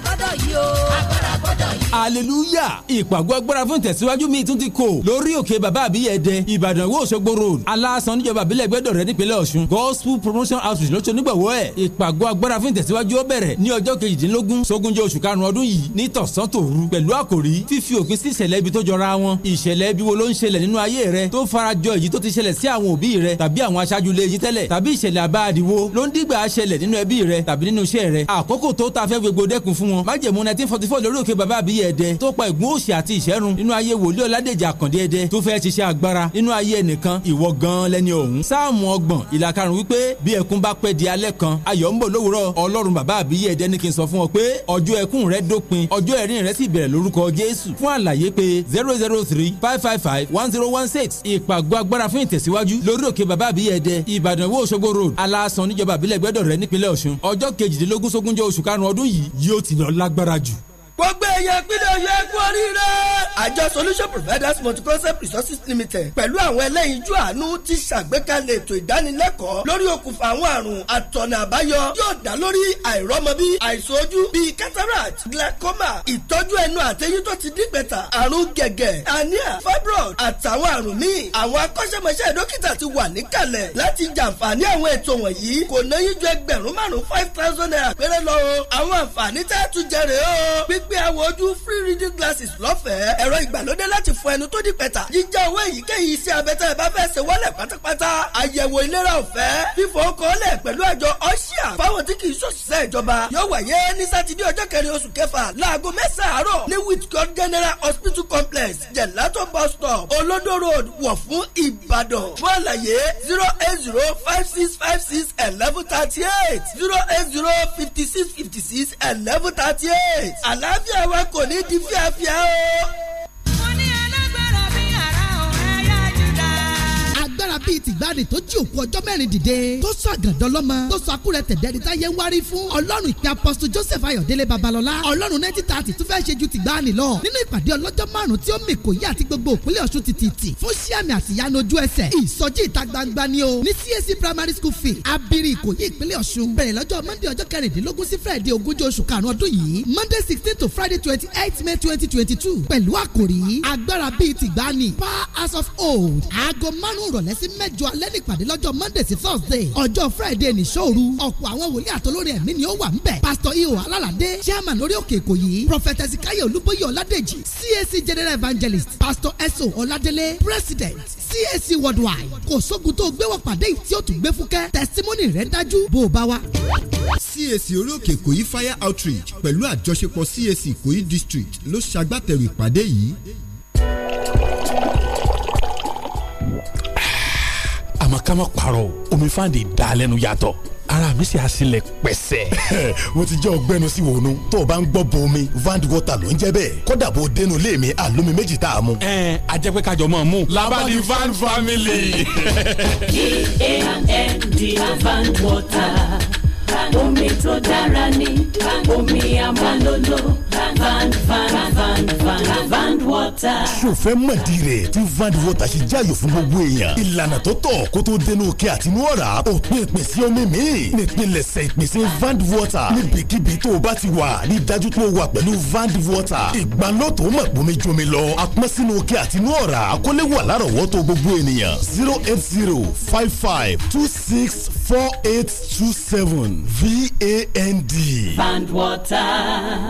S5: gbọ́dọ̀ yìí o. agbára
S20: gbọ́dọ̀ yìí. aleluya ìpàgọ́ agbára fún ìtẹ̀síwájú mi tún ti kò lórí òkè bàbá àbíyẹ̀dẹ ìbàdàn ìwé òṣogbo road aláàsán níjọba àbílẹ̀ gbẹ́dọ̀ rẹ nípínlẹ̀ ọ̀ṣun gospel promotion outreach lóṣù nígbàwọ́ ẹ̀ ìpàgọ́ agbára fún ìtẹ̀síwájú ó bẹ̀rẹ̀ ní ọjọ́ kejìdínlógún sógúnjọ́ oṣù karùn-ún ọdún yìí ní tọ̀sán tòru pẹ̀lú àkòrí fífi òpin sí ìṣẹ̀lẹ̀ ibi tó jọra wọn ìṣẹ̀lẹ̀ ibi wo ló ń ṣẹlẹ̀ nínú ayé rẹ tó farajọ èyí tó ti ṣẹlẹ̀ sí àwọn òbí rẹ tàbí àwọn aṣáájú ilé yín tẹ́lẹ̀ tàbí ìṣẹ̀lẹ̀ àbáàdìwo ló ń dìgbà ṣẹlẹ̀ nínú ẹbí rẹ tàbí nínú iṣẹ́ ta fẹ́ gbogbo dẹ́kun f fún wọn. májẹ̀mú nineteen lórí òkè bàbá àbíyẹ ẹ̀dẹ tó pa ìgún òsì àti ìṣẹ́run nínú ayé wòlíì ọ̀làdèjì àkàndé ẹ̀dẹ tó fẹ́ ṣiṣẹ́ agbára nínú ayé ẹnìkan ìwọ gan lẹ́ni ọ̀hún. sáàmù ọgbọ̀n ìlàkarùn wípé bí ẹkún bá pẹ́ di alẹ́ kan ayọ̀ ń bọ̀ lówùrọ̀ ọlọ́run bàbá àbíyẹ ẹ̀dẹ ní kí n sọ fún ọ pé ọjọ́ ẹkún rẹ dópin ọjọ́ ẹ̀rín rẹ sì bẹ̀rẹ̀ lórúkọ jésù fún àlàyé pé zero zero three ìpàgọ́ agbára fún ìtẹ̀síwájú lórí òkè bàbá àbíyẹ ẹ̀dẹ ìbàdàn ìwó òṣogbo road aláàsán níjọba àbílẹ̀ gbẹ́dọ̀ rẹ nípínlẹ̀ ọ̀ṣun ọjọ́ kejìdínlógún sógúnjọ́ oṣù karùn-ún ọdún yìí yóò ti sì lọ jù gbogbo èèyàn
S6: ìpínlẹ̀ ọ̀yọ́ ẹ̀kú oríire. àjọ solution providers multi-concept resources limited pẹ̀lú àwọn ẹlẹ́yinjú àánú ti ṣàgbékalẹ̀ ètò ìdánilẹ́kọ̀ọ́ lórí okùnfà àwọn àrùn àtọ̀nà àbáyọ yóò dá lórí àìrọ́mọbí àìsàn ojú bíi cataract glaucoma ìtọ́jú ẹnu àtẹyín tó ti dígbẹ̀ta àrùn gẹ̀gẹ̀ hernia fibroid àtàwọn àrùn míì àwọn akọ́ṣẹ́mọṣẹ́ dókítà ti wà níkàlẹ̀ láti jàǹfààní five thousand naira péré lọ o àwọn àǹfààní tẹ́ẹ̀tù jẹrè gbígbé àwọ̀ ojú free reading glasses lọ́fẹ̀ẹ́ ẹ̀rọ ìgbàlódé láti fọ ẹnu tó di pẹ̀tà jíjá owó èyíkéyìí iṣẹ́ abẹ́tẹ́ ẹ bá fẹ́ ṣe wọ́lẹ̀ pátápátá àyẹ̀wò ìlera ọ̀fẹ́ fífọ okòólẹ̀ pẹ̀lú àjọ ọ́ṣíà fáwọn tí kì í ṣòṣìṣẹ́ ìjọba yóò wáyé ní sátidé ọjọ́ kẹrin oṣù kẹfà láago mẹ́sàn-án àárọ̀ ní Whitcourt General Hospital Complex Jelato bus stop Olodo Road wọ̀ fún Ìbàdàn fún àlàyé zero eight zero five six five six eleven thirty eight zero eight zero fifty six fifty six eleven thirty eight àlá àlàáfíà wa kò ní di fíàfíà o. agbára bíi tìgbàanì tó jí òkú ọjọ́ mẹ́rin dìde tó sọ àgàdọ́ lọ́mọ tó sọ akúrẹ́ tẹ̀dẹ́rì táyé ń wárí fún ọlọ́run ìpè apọ́sítù joseph ayọ̀délé babalọ́lá ọlọ́run nineteen thirty tún fẹ́ ṣe ju tìgbàanì lọ nínú ìpàdé ọlọ́jọ́ márùn tí ó mì kò yí àti gbogbo òpínlẹ̀ ọ̀ṣun tìtìtì fún síàmì àtìyánu ojú ẹsẹ̀ ìsọjí ìta gbangba ni o ní csc primary school fee abiri ìkòyí ìpínlẹ̀ ọ̀ṣun bẹ̀rẹ̀ lọ́jọ́ monday ọjọ́ kẹrìndínlógún sí friday ogúnjọ́ oṣù karùn-ún ọdún yìí monday sixteen to friday twenty eight may twenty twenty two pẹ̀lú àkòrí agbára bíi tìgbàanì power house of old aago márùn-ún ìrọ̀lẹ́ sí mẹ́jọ alẹ́ nípàdé lọ́jọ́ monday sí thursday ọjọ́ friday nìṣòru ọ̀pọ̀ àwọn wòlíì àtolórí ẹ̀mí ni ó wà ńbẹ̀ pastor iho alálàdé chairman lórí òkè èkó yìí prophet ezekiel olúbóyè ọládèjì cac general evangelist pastor eso ọládélé president cac worldwide kò sógun tó gbéwọ̀ pàdé tí ó tún gbé fúkẹ́ testimony rẹ̀ dájú bó o bá wa. cac orí òkè èkó
S20: fire outreach pẹ̀lú àjọṣepọ̀ cac ìkòyí district
S16: ló ṣagbátẹrù ìpàdé yìí.
S3: àmọ́ ká má parọ́ omi fáǹdì dá lẹ́nu yàtọ̀ ara mi sì á sílẹ̀ pẹ̀sẹ̀. mo ti jẹ́ ọgbẹ́nu
S16: sí wònú tó o bá ń gbọ́ bo omi vand water ló ń jẹ́ bẹ́ẹ̀
S3: kódà bó o dénú lé mi àlómi méjì tá a mú. ẹ a jẹ́ pé kájọ mọ̀ mú. labadi van family.
S5: d a n d van water omi tó dára ní omi amalolo van van van van van water.
S3: sọfẹ́ mọ̀dí rẹ̀ tí van water ṣe jáyọ̀ fún gbogbo èèyàn ìlànà tó tọ́ kó tó dénú òkè àtinú ọ̀rá òpin ìpèsè omi míì nípìnlẹ̀sẹ̀ ìpèsè van water níbikíbi tó o bá ti wà ní dájú tó o wà pẹ̀lú van water
S14: ìgbanlọ́tò mọ̀ gbomi jomi lọ apọ́n sínú òkè àtinú ọ̀rá akọ́lé wà lárọ̀wọ́tò gbogbo ènìyàn
S3: zero eight zero five five two six four eight two seven
S6: vand. vand water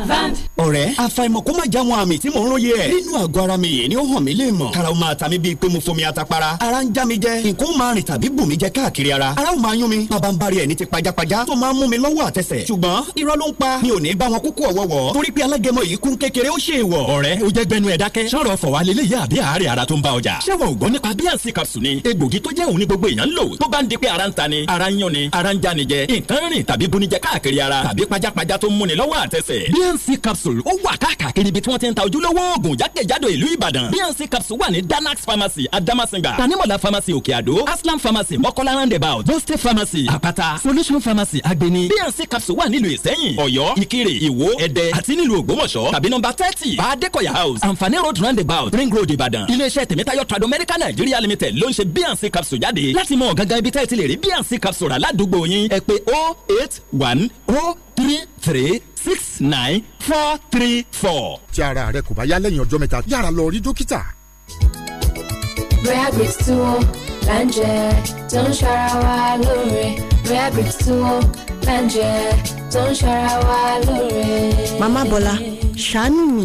S6: vand.
S8: ọ̀rẹ́ àfàìmọ̀ kó má já wọn àmì tí mò ń róye ẹ̀. nínú àgọ́ ara mi yìí ni ó hàn mí lè mọ̀. karaw máa ta mi bíi pé mo fomi atapara. ara ń já mi jẹ nǹkan máa rìn tàbí bù mí jẹ káàkiri ara. ara ò máa yún mi bàbá ń bari ẹ̀ ní ti pajápajá tó máa ń mú mi lọ́wọ́ àtẹsẹ̀. ṣùgbọ́n irọ́ ló ń pa mi ò ní bá wọn kúkú ọ̀wọ́wọ́ torí pé alágẹmọ yìí kún kékeré ó ṣe
S20: ìwọ̀. ọ̀rẹ́ o jẹ́ gbẹnu ẹ̀ dákẹ́. sọ̀rọ̀ fọ̀wálélé yá àbí àárẹ̀ ara tó ń bá ọjà. ṣé wọn nípa bíànsì capsule ni egbògi tó jẹ́ òun ni gbogbo èèyàn ń lò tó bá ń di pé ara ń ta ni. ara ń yún ni ara ń jáni jẹ nǹkan rìn tàbí bunijẹ káàkiri ara tàbí pajápajá tó ń múni lọ́wọ́ àtẹsẹ̀. bnc capsule ó wà káàkiri ibi tí wọ́n ti ń ta ojúlówó oògùn jákèjádò ìlú ìbàdàn bnc capsule wà ní danax pharmacy adamasinga tanimola pharmacy òkè aslam pharmacy mọ́kọ́lá roundabout boste pharmacy àpáta solution pharmacy agbeni bnc capsule wà nílùú ìsẹ́yìn ọ̀yọ́ ìkirè ìwó ẹdẹ àti nílùú ògbómọ̀ṣọ́ tàbí nọ́mbà thirty bá adékọ̀yà house àǹfààní road roundabout ring road ìbàdàn iléeṣẹ́ tèmítáyọ̀ tradomedical nigeria limited ló ń ṣe bnc capsule jáde láti mọ gangan ibi tẹ́ẹ̀ ti lè rí bnc capsule capsule rà ládùúgbò yín ẹ pé o oh eight one o oh three three six nine four three four. tí
S16: ara rẹ kò bá yá lẹ́yìn ọjọ́ mẹ́ta yára lọ rí dókítà.
S5: bóyá grits tí wọ́n là ń jẹ tó ń ṣara wa lóore bóyá grits tí wọ́n là ń jẹ tó ń ṣara wa lóore. màmá bọ́lá
S7: ṣàánú mi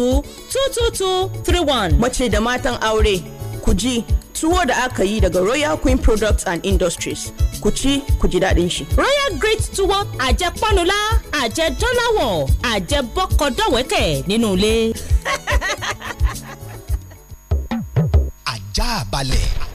S7: two two two three one. Mace da matan aure ku ji tuwo da aka
S6: yi daga Royal Queen Products and Industries. Ku ci ku ji daɗin shi. Royal Great Tuwo àjẹ pọ́nula àjẹ dọ́làwọ̀ àjẹ bọ́kọ̀dọ̀wẹ́kẹ̀ nínú ilé. Ajá balẹ̀.